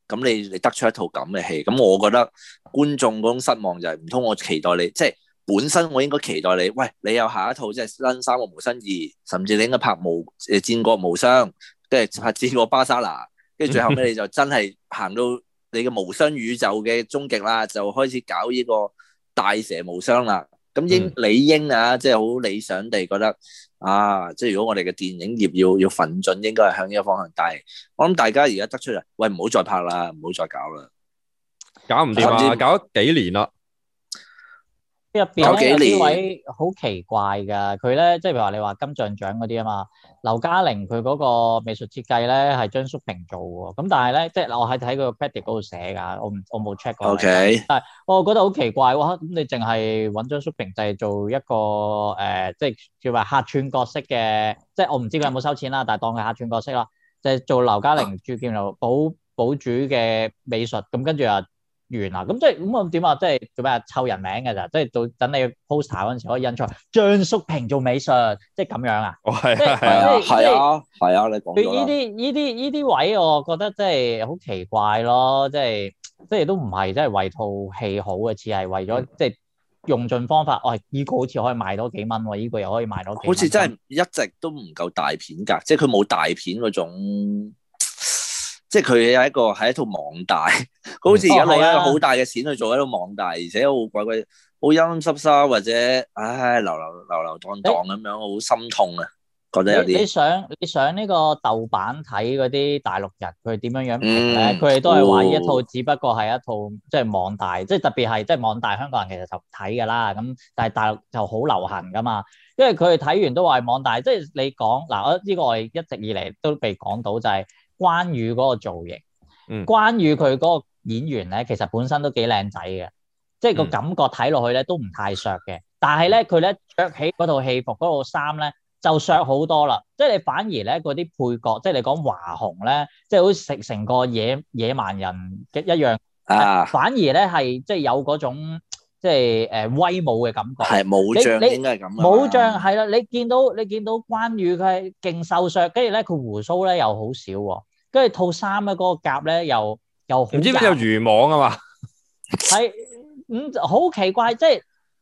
咁你你得出一套咁嘅戲，咁我覺得觀眾嗰種失望就係唔通我期待你即係。本身我應該期待你，喂，你有下一套即係新三個無新二，甚至你應該拍無誒戰國無雙，跟住拍戰國巴沙拿。跟住最後屘你就真係行到你嘅無雙宇宙嘅終極啦，就開始搞呢個大蛇無雙啦。咁應理應啊，即係好理想地覺得啊，即係如果我哋嘅電影業要要奮進，應該係向呢個方向帶。但我諗大家而家得出嚟，喂，唔好再拍啦，唔好再搞啦，搞唔掂啊，甚至搞咗幾年啦。入邊有啲位好奇怪噶，佢咧即係譬如話你話金像獎嗰啲啊嘛，劉嘉玲佢嗰個美術設計咧係張叔平做喎，咁但係咧即係我喺睇佢 credit 嗰度寫噶，我唔我冇 check 過，Okay. 但係我覺得好奇怪喎，咁你淨係搵張叔平就係做一個誒、呃，即係叫話客串角色嘅，即係我唔知佢有冇收錢啦，但係當佢客串角色啦，就是、做劉嘉玲住劍樓堡堡主嘅美術，咁跟住啊。住完啦，咁即係咁我點啊？即係做咩啊？湊、嗯、人名㗎咋？即係到等你 poster 嗰陣時可以印出 張淑萍做美術，即係咁樣啊？哦，係啊，係啊，係啊，係啊，你講。呢啲呢啲呢啲位，我覺得即係好奇怪咯，即係即係都唔係即係為套戲好嘅，似係為咗 即係用盡方法。哇、哎，依、依個好似可以賣多幾蚊喎，依個又可以賣多幾。 好似真係一直都唔夠大片㗎，即係佢冇大片嗰種。即係佢有一個係一套網大，好似而家攞一個好大嘅錢去做一套網大，而且好鬼鬼，好陰濕濕或者唉流流流流蕩蕩咁樣，好心痛啊！覺得有啲你想你想呢個豆瓣睇嗰啲大陸人，佢點樣樣？佢哋都係話呢一套只不過係一套即係網大，即係特別係即係網大香港人其實就唔睇㗎啦。咁但係大陸就好流行㗎嘛，因為佢哋睇完都話係網大。即係你講嗱，我呢個我一直以嚟都被講到就係。關羽嗰個造型，關羽佢嗰個演員咧，其實本身都幾靚仔嘅，即係個感覺睇落去咧都唔太削嘅，但係咧佢咧着起嗰套戲服嗰套衫咧就削好多啦，即係你反而咧嗰啲配角，即係你講華雄咧，即係好似食成個野野蠻人嘅一樣，啊、反而咧係即係有嗰種。即係誒威武嘅感覺，係武將應該係咁。武將係啦，你見到你見到關羽佢係勁瘦削，跟住咧佢鬍鬚咧又好少喎，跟住套衫咧嗰個甲咧又又唔知咩就魚網啊嘛，係咁好奇怪，即係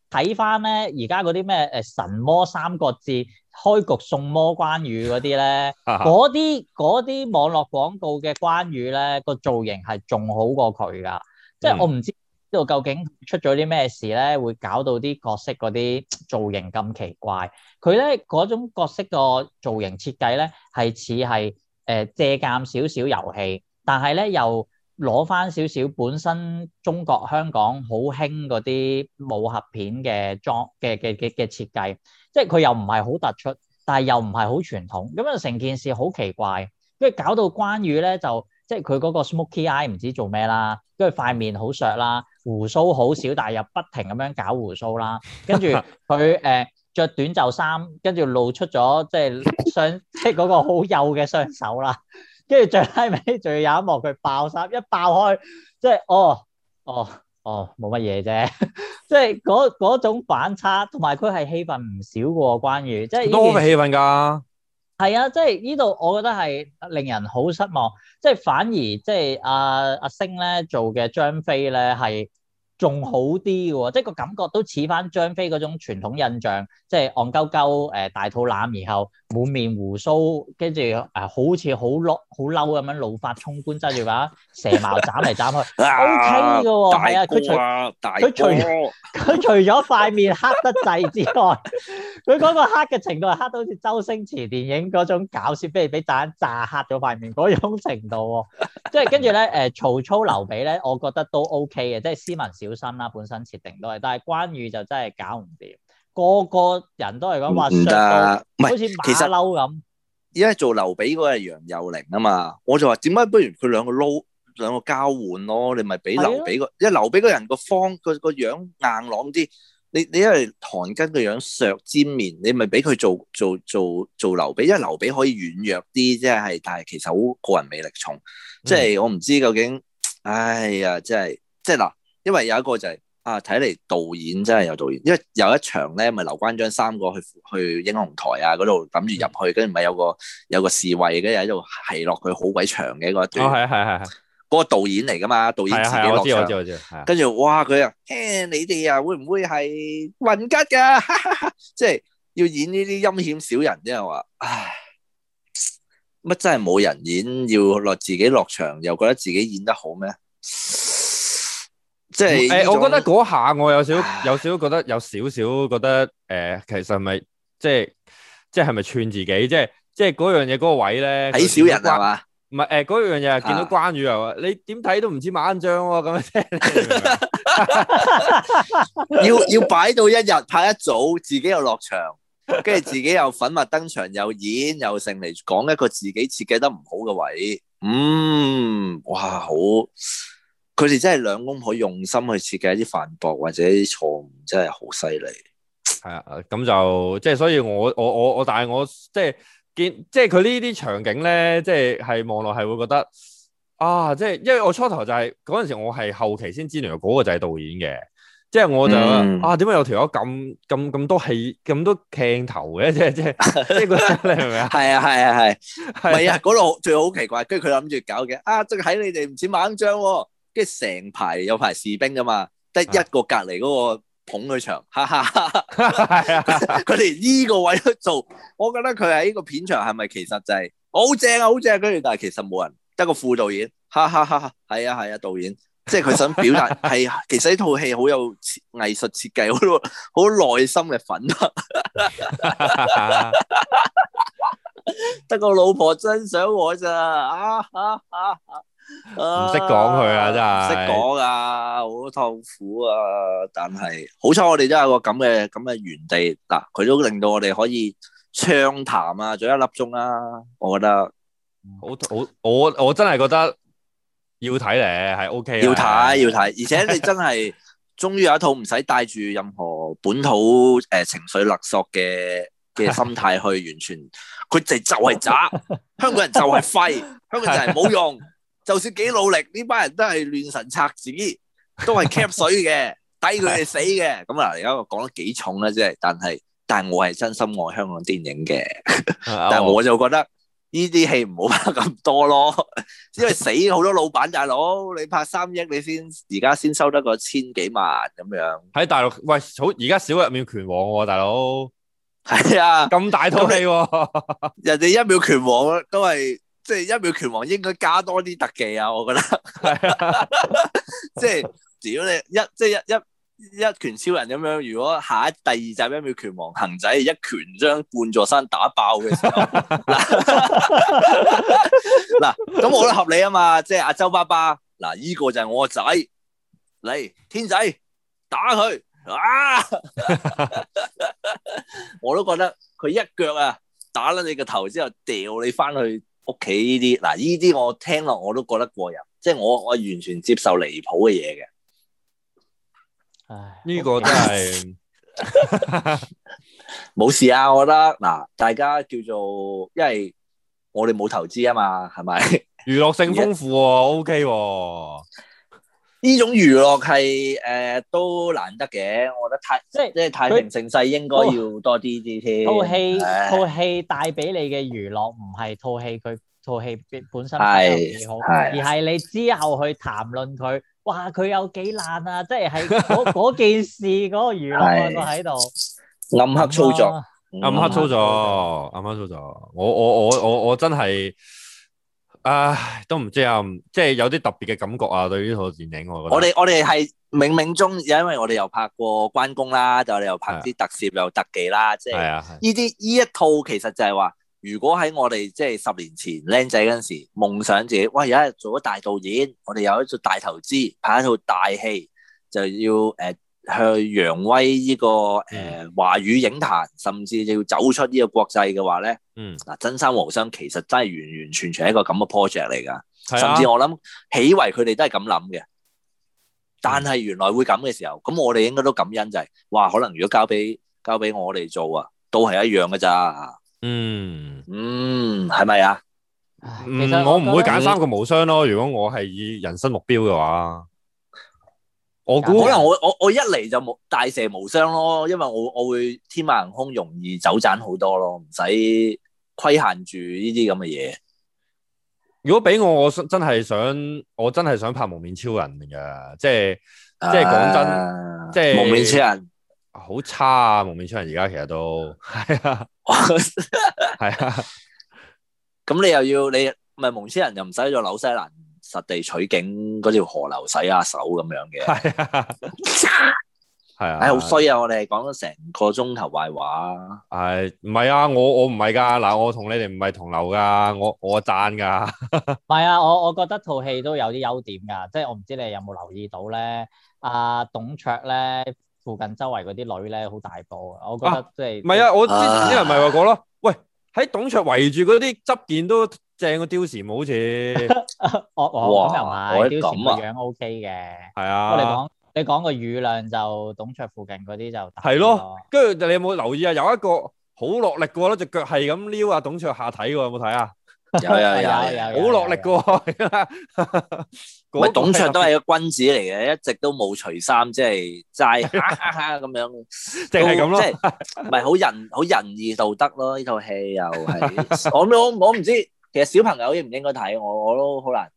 睇翻咧而家嗰啲咩誒神魔三國志開局送魔關羽嗰啲咧，嗰啲嗰啲網絡廣告嘅關羽咧個造型係仲好過佢噶，即係我唔知。呢度究竟出咗啲咩事咧？會搞到啲角色嗰啲造型咁奇怪？佢咧嗰種角色個造型設計咧，係似係誒借鑑少少遊戲，但係咧又攞翻少少本身中國香港好興嗰啲武俠片嘅裝嘅嘅嘅嘅設計，即係佢又唔係好突出，但係又唔係好傳統，咁樣成件事好奇怪。跟住搞到關羽咧，就即係佢嗰個 smoky eye 唔知做咩啦，跟住塊面好削啦。鬍鬚好少，但係又不停咁樣搞鬍鬚啦。跟住佢誒著短袖衫，跟住露出咗即係雙，即係嗰個好幼嘅雙手啦。跟住最後尾仲有一幕佢爆衫，一爆開即係哦哦哦冇乜嘢啫。即係嗰、哦哦哦、種反差，同埋佢係氣氛唔少嘅喎，關於即係多氣氛㗎。係啊，即係呢度，我覺得係令人好失望。即係反而即係阿阿星咧做嘅張飛咧係仲好啲嘅，即係個感覺都似翻張飛嗰種傳統印象，即係戇鳩鳩誒大肚腩，然後。滿面鬍鬚，跟住誒好似好落好嬲咁樣怒髮衝冠，揸住把蛇矛斬嚟斬去，O K 嘅喎。係、 OK、的啊，佢、啊啊、除佢、啊、除佢除咗塊面黑得滯之外，佢嗰 個黑嘅程度係黑到好似周星馳電影嗰種搞笑，不如俾蛋炸黑咗塊面嗰種程度喎。即係跟住咧，誒曹操、劉備咧，我覺得都 O K 嘅，即係斯文小心啦，本身設定都係，但係關羽就真係搞唔掂。個個人都係咁話，上行到好似馬騮咁。因為做劉備嗰個係楊祐寧啊嘛，我就話點解不如佢兩個撈兩個交換咯？你咪俾劉備的個劉比，因為劉備個人個方個個樣硬朗啲。你你，因為唐根個樣削尖面，你咪俾佢做做做做劉備，因為劉備可以軟弱啲，即係但係其實好個人魅力重，即係、嗯、我唔知究竟，哎呀，真係即係即係嗱，因為有一個就係、是。啊！睇嚟導演真係有導演，因為有一場咧，咪劉關張三個去去英雄台啊，嗰度諗住入去，跟住咪有個有個侍衛跟住喺度係落佢好鬼長嘅嗰一段。哦，係係係係，嗰個導演嚟㗎嘛，導演自己落場。跟住哇，佢啊、欸，你哋啊，會唔會係混吉㗎？ 即係要演呢啲陰險小人啲人話，唉，乜真係冇人演要落自己落場，又覺得自己演得好咩？即係，誒、欸，我覺得嗰下我有少有少覺得有少少覺得，誒、啊呃，其實係咪即係即係係咪串自己？即係即係嗰樣嘢嗰個位咧，睇少人係嘛？唔係，誒，嗰樣嘢係見到關羽又，你點睇都唔似馬恩將喎，咁樣 要要擺到一日拍一組，自己又落場，跟住自己又粉墨登場，又演又成嚟講一個自己設計得唔好嘅位，嗯，哇，好！好佢哋真係兩公婆用心去設計一啲犯駁或者啲錯誤，真係好犀利。係啊，咁就即係所以我，我我我但我但係我即係見即係佢呢啲場景咧，即係係望落係會覺得啊，即係因為我初頭就係嗰陣時，我係後期先知原來嗰個就係導演嘅，即係我就、嗯、啊點解有條友咁咁咁多戲咁多鏡頭嘅？即係即係即係覺得你係咪 啊？係啊係啊係，唔係啊嗰度、啊嗰個、最好奇怪，跟住佢諗住搞嘅啊，即係喺你哋唔似猛將。跟住成排有排士兵㗎嘛，得一個隔籬嗰個捧佢場，佢哋呢個位都做，我覺得佢喺呢個片場係咪其實就係、是、好正啊，好正！跟住但係其實冇人得個副導演，哈哈，哈，哈，係啊係啊，啊，導演即係佢想表達係啊， 其實呢套戲好有設藝術設計，好好耐心嘅粉，得個 老婆真想我咋啊！啊啊唔識講佢啊，真係唔識講噶，好痛苦啊！但係好彩我哋都有個咁嘅咁嘅園地嗱，佢都令到我哋可以暢談啊，做一粒鐘啦，我覺得好好，我我真係覺得要睇咧，係 O K，要睇要睇，而且你真係終於有一套唔使帶住任何本土誒情緒勒索嘅嘅心態去，完全佢直就係渣，香港人就係廢，香港人就係冇用。就算幾努力，呢班人都係亂臣賊子，都係吸水嘅，抵佢哋死嘅。咁啊，而家我講得幾重咧，即係，但係，但係我係真心愛香港電影嘅，但係我就覺得呢啲戲唔好拍咁多咯，因為死好多老闆大佬，你拍三億，你先而家先收得個千幾萬咁樣。喺大陸喂，好而家少一秒拳王喎，大佬。係啊，咁大套利喎，人哋一秒拳王都係。即係一秒拳王應該加多啲特技啊！我覺得， 即係如果你一即係一一一拳超人咁樣，如果下一第二集一秒拳王恒仔一拳將半座山打爆嘅時候，嗱咁 我都合理啊嘛！即係阿周爸爸，嗱依、這個就係我個仔嚟，天仔打佢啊！ 我都覺得佢一腳啊打甩你個頭之後掉你翻去。屋企呢啲，嗱，呢啲我聽落我都覺得過癮，即係我我完全接受離譜嘅嘢嘅。唉，呢 個真係冇 事啊！我覺得嗱，大家叫做，因為我哋冇投資啊嘛，係咪？娛樂性豐富喎，O K 喎。 OK 啊呢種娛樂係誒，都難得嘅，我覺得太，即係即係太平盛世應該要多啲啲添。套戲，套戲帶俾你嘅娛樂唔係套戲，佢套戲本身係幾好，而係你之後去談論佢，哇佢有幾爛啊！即係喺嗰嗰件事嗰個娛樂喺度暗黑操作，暗黑操作，暗黑操作，我我我我我真係～唉，uh，都唔知啊、嗯，即係有啲特別嘅感覺啊，對於套電影我覺得。我哋我哋係冥冥中，因為我哋又拍過關公啦，就我哋又拍啲特攝又特技啦，即係呢啲呢一套其實就係話，如果喺我哋即係十年前僆仔嗰陣時，夢想自己，哇，而家做咗大導演，我哋有一做大投資，拍一套大戲就要誒。呃去揚威呢、這個誒華、呃、語影壇，甚至要走出呢個國際嘅話咧，嗯，嗱真三無雙其實真係完完全全係一個咁嘅 project 嚟噶。嗯、甚至我諗，起為佢哋都係咁諗嘅，但係原來會咁嘅時候，咁我哋應該都感恩就係、話，哇，可能如果交俾交俾我哋做、嗯嗯、是是啊，都係一樣嘅咋，嗯嗯，係咪啊？其實我唔會揀三個無雙咯，如果我係以人生目標嘅話。我估可能我我我一嚟就冇大蛇無雙咯，因為我我會天馬行空，容易走盞好多咯，唔使規限住呢啲咁嘅嘢。如果俾我，我真係想，我真係想拍蒙面超人噶，即係即係講真，即係蒙面超人好差啊！蒙面超人而家其實都係啊，係啊，咁你又要你唔係蒙超人又唔使做紐西蘭。實地取景，嗰條河流洗下手咁樣嘅，係啊，係啊，唉，好衰啊！我哋講咗成個鐘頭壞話，係唔係啊？我我唔係㗎，嗱，我同你哋唔係同流㗎，我我贊㗎。唔係啊，我我覺得套戲都有啲優點㗎，即係我唔知你有冇留意到咧，阿、啊、董卓咧附近周圍嗰啲女咧好大波，我覺得即係唔係啊？我之前啲人咪話過咯，喂，喺董卓圍住嗰啲執件都。正個貂蟬模好似，咁又係貂蟬個樣 O K 嘅。係啊，我哋講你講個雨量就董卓附近嗰啲就係咯。跟住你有冇留意啊？有一個好落力嘅喎，隻腳係咁撩下董卓下體嘅喎，有冇睇啊？有有有有，好落力嘅喎。唔係董卓都係個君子嚟嘅，一直都冇除衫，即係齋咁樣，即係咁咯，即係唔係好仁好仁義道德咯？呢套戲又係我我我唔知。其實小朋友應唔應該睇，我我都好難。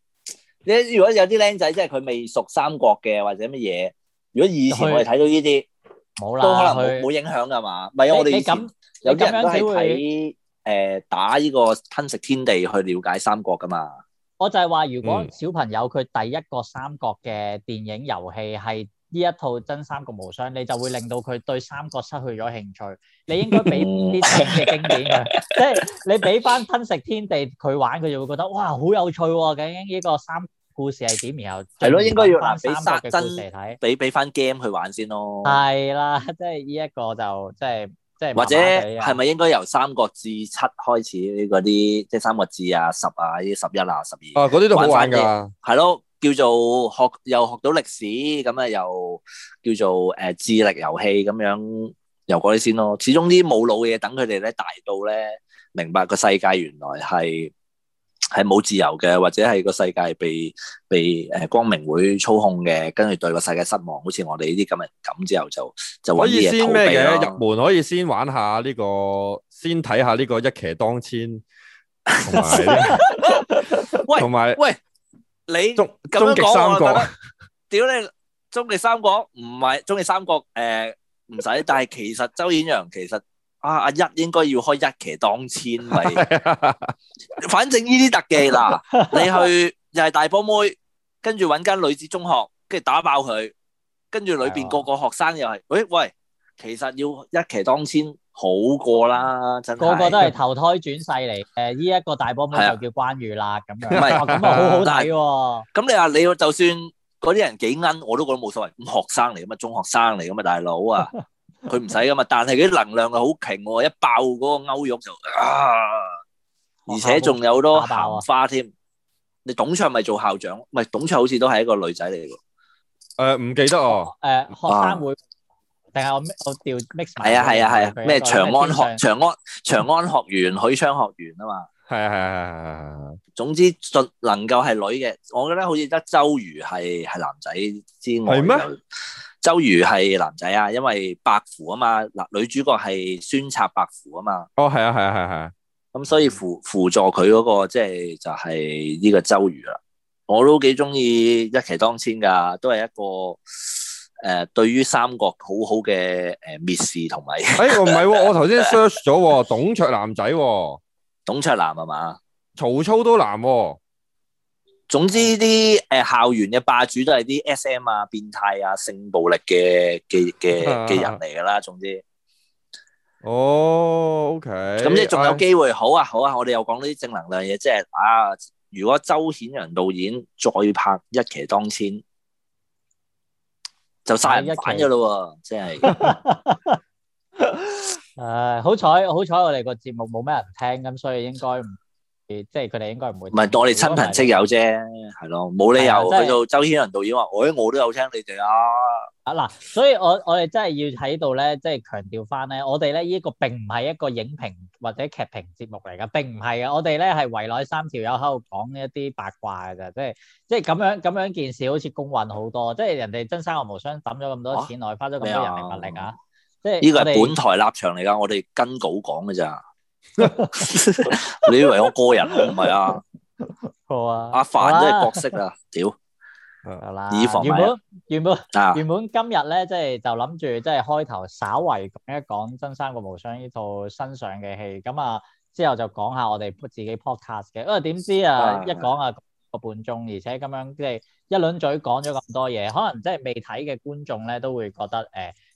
你如果有啲僆仔，即係佢未熟三國嘅或者乜嘢，如果以前我哋睇到呢啲，去都可能冇去影響噶嘛。唔係啊，你我哋以前有啲人都係睇誒打呢個吞食天地去了解三國噶嘛。我就係話，如果小朋友佢第一個三國嘅電影遊戲係。呢一套真三國無雙，你就會令到佢對三國失去咗興趣。你應該俾啲新嘅經典嘅， 即係你俾翻吞食天地佢玩，佢就會覺得哇好有趣喎！究竟呢個三故事係點？然後係咯，應該要俾三真地睇，俾俾翻 game 去玩先咯。係啦，即係呢一個就即係即係或者係咪應該由三國志七開始嗰啲，即係三國志啊、十啊、呢十一啊、十二嗰啲都好玩㗎，啊。係咯。叫做學又學到歷史，咁啊又叫做誒智力遊戲咁樣遊嗰啲先咯。始終啲冇腦嘅嘢，等佢哋咧大到咧明白個世界原來係係冇自由嘅，或者係個世界被被誒光明會操控嘅，跟住對個世界失望，好似我哋呢啲咁嘅咁之後就就可以先咩嘅入門，可以先玩下呢個，先睇下呢個一騎當千，同埋喂。你咁樣講，我覺得屌你！《終極三國》唔係《終極三國》，誒唔使，但係其實周顯揚其實啊阿一應該要開一騎當千咪，反正呢啲特技嗱，你去又係大波妹，跟住搵間女子中學，跟住打爆佢，跟住裏邊個個學生又係，誒喂，其實要一騎當千。好過啦，個個都係投胎轉世嚟。誒，呢一個大波波就叫關羽啦，咁樣。唔係，咁啊好好睇喎。咁你話你要就算嗰啲人幾奀，我都覺得冇所謂。咁學生嚟噶嘛，噶嘛中學生嚟，噶嘛大佬啊，佢唔使噶嘛。但係佢啲能量係好勁喎，一爆嗰個歐玉就啊，而且仲有好多校花添。你董卓咪做校長？唔係董卓好似都係一個女仔嚟喎。誒，唔記得哦。誒，學生會。定係我我調係 啊係啊係啊咩、啊、長安學長安長安學園許昌學園啊嘛係啊係啊係啊係啊總之能能夠係女嘅，我覺得好似得周瑜係係男仔之外，咩嗎？周瑜係男仔啊，因為白狐啊嘛嗱，女主角係孫策白狐啊嘛哦係啊係啊係係咁所以輔輔助佢嗰、那個即係就係、是、呢個周瑜啦，我都幾中意一騎當千㗎，都係一個。誒、呃，對於三國好好嘅誒蔑視同埋，誒，欸啊、 我唔係，我頭先 search 咗，董卓男仔、啊，董卓男係嘛？曹操都男、啊，總之啲誒校園嘅霸主都係啲 S.M. 啊，變態啊，性暴力嘅嘅嘅嘅人嚟噶啦，總之，啊、哦，OK，咁即係仲有機會，啊好啊，好啊，我哋又講呢啲正能量嘢，即、就、係、是、啊，如果周顯仁導演再拍一騎當千。就曬一嘅咯喎，即係。誒，好彩好彩，我哋個節目冇咩人聽咁，所以應該唔，即係佢哋應該唔會。唔係當我哋親朋戚友啫，係咯，冇理由去到周顯揚導演話，誒，我都有聽你哋啊。啊嗱，所以我我哋真係要喺度咧，即係強調翻咧，我哋咧呢個並唔係一個影評或者劇評節目嚟噶，並唔係噶，我哋咧係圍內三條友喺度講呢一啲八卦噶咋，即係即係咁樣咁樣件事，好似公允好多，即係人哋真三國無雙抌咗咁多錢，落去花咗咁多人力物力啊，即係呢個係本台立場嚟噶，我哋跟稿講噶咋，你以為我個人啊？唔係啊，阿凡都係角色啊，屌！係啦，以防原本原本，啊、原本今日咧，即係就諗住，即係開頭稍為講一講《真三國無雙》呢套新上嘅戲，咁啊之後就講下我哋自己 podcast 嘅。因為，哇，點知啊，知啊啊一講啊個半鐘，而且咁樣即係一輪嘴講咗咁多嘢，可能即係未睇嘅觀眾咧都會覺得誒，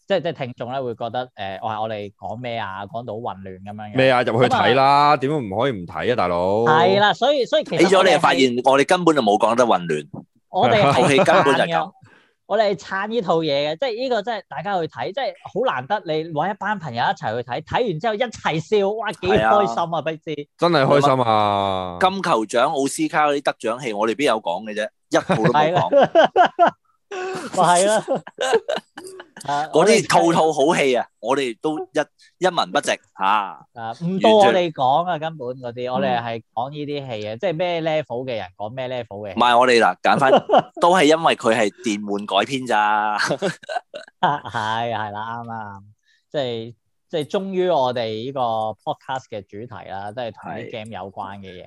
即係即係聽眾咧會覺得誒、呃，哇，我哋講咩啊，講到好混亂咁樣嘅。咩啊？入去睇啦，點解唔可以唔睇啊，大佬？係啦，所以所以，所以其實起咗你又發現，我哋根本就冇講得混亂。 我哋係撐嘅， 我哋係撐呢套嘢嘅，即係呢個真係大家去睇，即係好難得你揾一班朋友一齊去睇，睇完之後一齊笑，哇幾開心啊不知，真係開心啊！金球獎、奧斯卡嗰啲得獎戲，我哋邊有講嘅啫，一部都冇講 是 咪係咯，嗰啲套套好戲啊，我哋都一一文不值吓。唔到我哋講啊，根本嗰啲，我哋係講呢啲戲嘅，即係咩 level 嘅人講咩 level 嘅。唔係我哋嗱，揀翻都係因為佢係電玩改編咋。係係啦，啱啱，即係即係，終於我哋呢個 podcast 嘅主題啦，都係同啲 game 有關嘅嘢。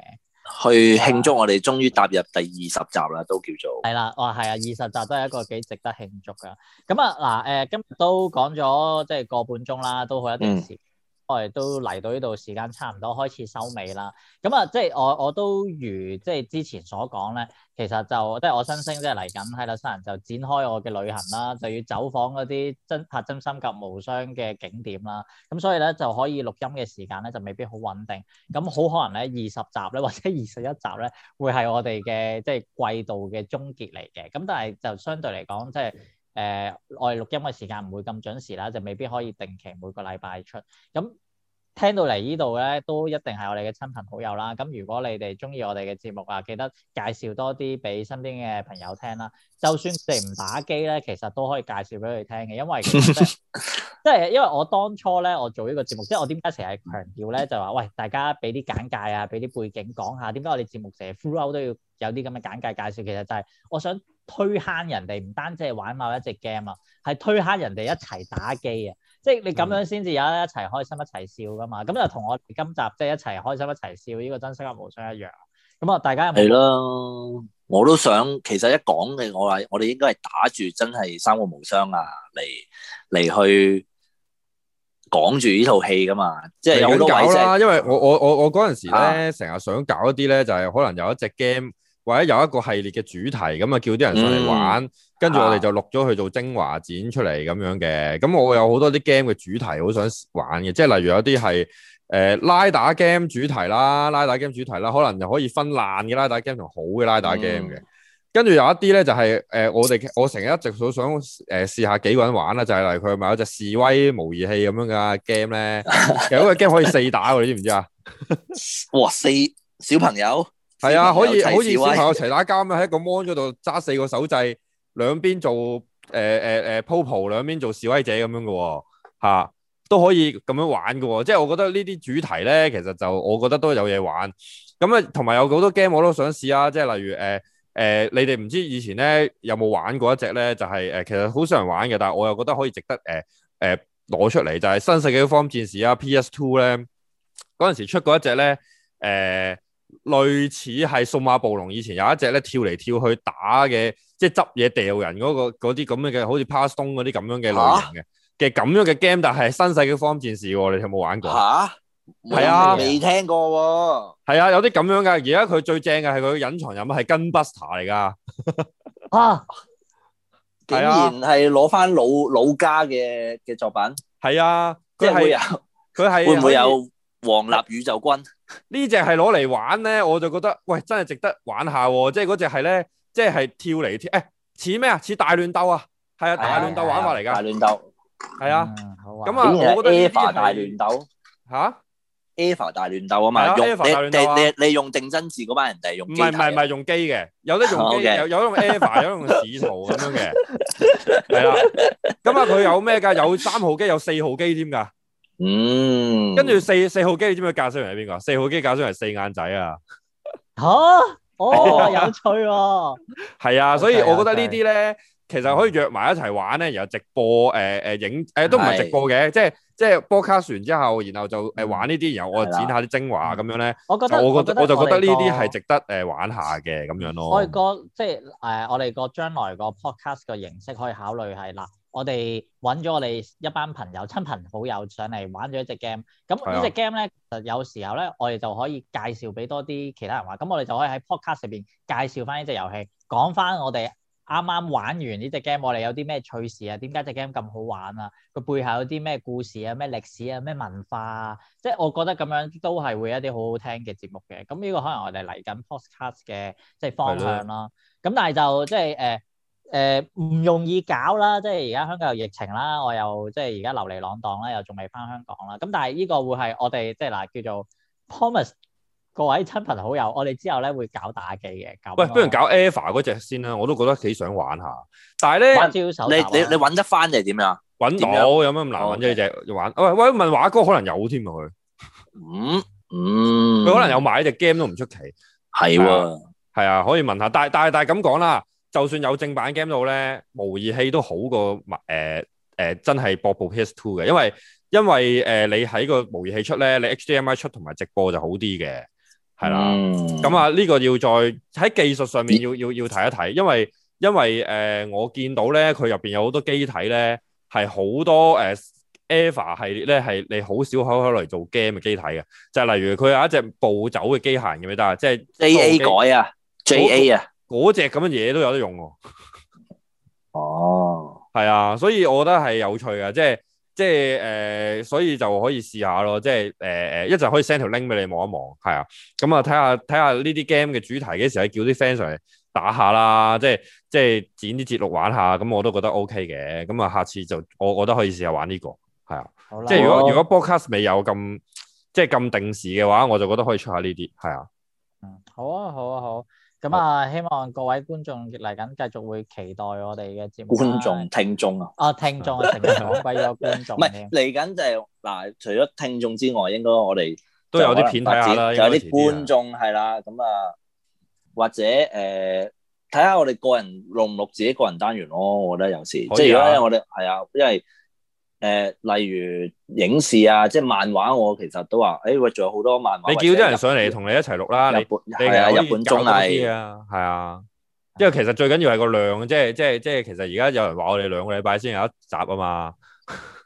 去慶祝我哋終於踏入第二十集啦，都叫做係啦，哇、哦、係啊，二十集都係一個幾值得慶祝噶。咁啊嗱，誒今日都講咗即係個半鐘啦，都好一段時間。嗯我哋都嚟到呢度，時間差唔多開始收尾啦。咁啊，即係我我都如即係之前所講咧，其實就即係我新星即係嚟緊喺啦，新人就展開我嘅旅行啦，就要走訪嗰啲真拍真心及無雙嘅景點啦。咁所以咧，就可以錄音嘅時間咧，就未必好穩定，咁好可能咧，二十集咧，或者二十一集咧，會係我哋嘅即係季度嘅終結嚟嘅。咁但係就相對嚟講，即係。誒、呃，我哋錄音嘅時間唔會咁準時啦，就未必可以定期每個禮拜出。咁聽到嚟呢度咧，都一定係我哋嘅親朋好友啦。咁如果你哋中意我哋嘅節目啊，記得介紹多啲俾身邊嘅朋友聽啦。就算你唔打機咧，其實都可以介紹俾佢聽嘅，因為即係、就係、 因為我當初咧，我做呢個節目，即係我點解成日強調咧，就話喂大家俾啲簡介啊，俾啲背景講下點解我哋節目成 full 都要有啲咁嘅簡介介紹，其實就係我想。推坑人哋唔單止係玩某一隻 game 啊，係推坑人哋一齊打機啊，即係你咁樣先至有一一齊開心一齊笑噶嘛。咁、嗯、就同我今集即係一齊開心一齊笑呢、呢個真惜一無雙一樣。咁啊，大家係咯，我都想其實一講嘅我話，我哋應該係打住真係三個無雙啊嚟嚟去講住呢套戲噶嘛。即係有好多位啦，因為我我我我嗰陣時咧，成日想搞一啲咧，就係可能有一隻 game。或者有一個系列嘅主題，咁啊叫啲人上嚟玩，跟住、嗯、我哋就錄咗去做精華展出嚟咁樣嘅。咁我有好多啲 game 嘅主題好想玩嘅，即係例如有啲係誒拉打 game 主題啦，拉打 game 主題啦，可能就可以分爛嘅拉打 game 同好嘅拉打 game 嘅。跟住、嗯、有一啲咧就係、是、誒、呃、我哋我成日一直都想誒、呃、試下幾個人玩啦，就係、是、例如佢咪有隻示威模擬器咁樣噶 game 咧， 有個 game 可以四打喎，你知唔知啊？ 哇！四小朋友。係啊，可以好似小朋友齊打交咁喺一個 mon 嗰度揸四個手掣，兩邊做誒誒誒 popo 兩邊做示威者咁樣嘅、哦，吓、啊、都可以咁樣玩嘅、哦，即係我覺得呢啲主題咧，其實就我覺得都有嘢玩。咁啊，同埋有好多 game 我都想試啊，即係例如誒誒、呃呃，你哋唔知以前咧有冇玩過一隻咧，就係、是、誒、呃，其實好少人玩嘅，但係我又覺得可以值得誒誒攞出嚟，就係、是、新世紀方戰士啊，PS Two 咧嗰陣時出過一隻咧誒。呃呃類似係數碼暴龍以前有一隻咧跳嚟跳去打嘅，即係執嘢掉人嗰、嗰個啲咁樣嘅，好似 Paston 嗰啲咁樣嘅類型嘅嘅咁樣嘅 game，但係新世紀方戰士喎，你有冇玩過？吓，係啊，未、啊、聽過喎、啊。係啊，有啲咁樣噶。而家佢最正嘅係佢隱藏人物係 Gunbuster 嚟噶。啊，竟然係攞翻老老家嘅嘅作品。係啊，佢係，佢係會唔會有？王立宇宙軍呢隻係攞嚟玩咧，我就覺得喂，真係值得玩下，即係嗰隻係咧，即係跳嚟跳誒，似咩啊？似大亂鬥啊？係啊，大亂鬥玩法嚟噶，大亂鬥係啊。咁啊，我覺得呢啲叫大亂鬥吓，Ava 大亂鬥啊嘛，Ava 大亂鬥啊。你你你用定真嗣嗰班人哋用，唔係唔係唔係用機嘅，有得用機，有有用 Ava，有用使徒咁樣嘅，係啦。咁啊，佢有咩噶？有三號機，有四號機添噶。嗯，跟住四四號機，你知唔知駕駛員係邊個？四號機駕駛員係四眼仔啊！吓，哦，有趣喎！係啊，所以我覺得呢啲咧，其實可以約埋一齊玩咧，然後直播誒誒影誒，都唔係直播嘅，即係即係播卡 a 完之後，然後就誒玩呢啲，然後我剪下啲精華咁樣咧。我覺得，我覺得，我就覺得呢啲係值得誒玩下嘅咁樣咯。我哋個即係誒，我哋個將來個 podcast 個形式可以考慮係立。我哋揾咗我哋一班朋友、親朋好友上嚟玩咗一隻 game，咁呢隻 game 咧，就的有時候咧，我哋就可以介紹俾多啲其他人玩。咁我哋就可以喺 podcast 入邊介紹翻呢隻遊戲，講翻我哋啱啱玩完呢隻 game，我哋有啲咩趣事啊？點解隻 game 咁好玩啊？佢背後有啲咩故事啊？咩歷史啊？咩文化啊？即係我覺得咁樣都係會有一啲好好聽嘅節目嘅。咁呢個可能我哋嚟緊 podcast 嘅即係方向咯。咁的但係就即係誒。呃誒，唔、呃、容易搞啦，即係而家香港有疫情啦，我又即係而家流離浪蕩啦，又仲未翻香港啦。咁但係呢個會係我哋即係嗱，叫做 promise 各位親朋好友，我哋之後咧會搞打機嘅。咁、啊、喂，不如搞 Eva 嗰隻先啦，我都覺得幾想玩下。但係咧，你你你揾得翻定係點樣？揾到，有咩咁難揾啫、ouais okay.？只玩喂喂，問華哥可能有添佢。嗯嗯，佢可能有買隻 game 都唔出奇。係喎、啊啊，係啊，可以問下。但但係但係咁講啦。就算有正版 game 到咧，模擬器都好過誒誒、呃呃，真係搏部 PS Two 嘅，因為因為誒、呃、你喺個模擬器出咧，你 HDMI 出同埋直播就好啲嘅，係啦。咁、嗯、啊，呢、這個要再喺技術上面要要要睇一睇，因為因為誒、呃、我見到咧，佢入邊有好多機體咧，係好多誒、呃、EVA 系列咧，係你好少可可嚟做 game 嘅機體嘅，就係、是、例如佢有一隻步走嘅機械咁咪得？係即係 JA 改啊，JA 啊。啊我啊嗰隻咁嘅嘢都有得用喎，哦，係啊，所以我覺得係有趣啊。即係即係誒、呃，所以就可以試下咯，即係誒誒，一、呃、陣可以 send 條 link 俾你望一望，係啊，咁啊睇下睇下呢啲 game 嘅主題嘅時候，叫啲 fans 上嚟打下啦，即係即係剪啲節錄玩下，咁我都覺得 OK 嘅，咁啊下次就我我覺得可以試下玩呢、呢個，係啊，啦即係如果啦如果 podcast 未有咁即係咁定時嘅話，我就覺得可以出下呢啲，係啊，啊，好啊好啊好啊。好啊咁啊，希望各位觀眾嚟緊繼續會期待我哋嘅節目啦。觀眾、聽眾啊，啊聽眾成日講貴咗觀眾，唔係嚟緊就係嗱，除咗聽眾之外，應該我哋都有啲片睇啦，有啲觀眾係啦，咁啊，或者誒，睇下我哋個人錄唔錄自己個人單元咯，我覺得有時即係而家我哋係啊，因為。誒，例如影視啊，即係漫畫，我其實都話，誒、哎、喂，仲有好多漫畫本。你叫啲人上嚟同你一齊錄啦。日本係啊，日本綜藝啊，係啊。因為其實最緊要係個量，即係即係即係，其實而家有人話我哋兩個禮拜先有一集啊嘛。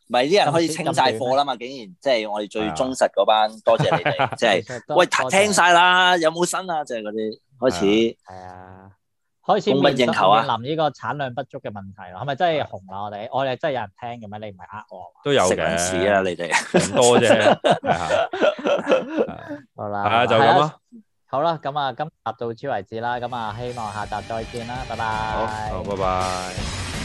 唔係啲人可以清曬貨啦嘛，竟然即係、就是、我哋最忠實嗰班，多是的 謝，謝你哋。即、就、係、是、 喂，聽曬啦，有冇新啊？即係嗰啲開始。係啊。開始面臨呢個產量不足嘅問題咯，係咪真係紅啦我哋？我哋真係有人聽嘅咩？你唔係呃我？都有嘅，食緊屎你哋，咁多啫。好啦，係啊， 就咁咯。好啦，咁啊，今集到此為止啦。咁啊，希望下集再見啦，拜拜。好，拜拜。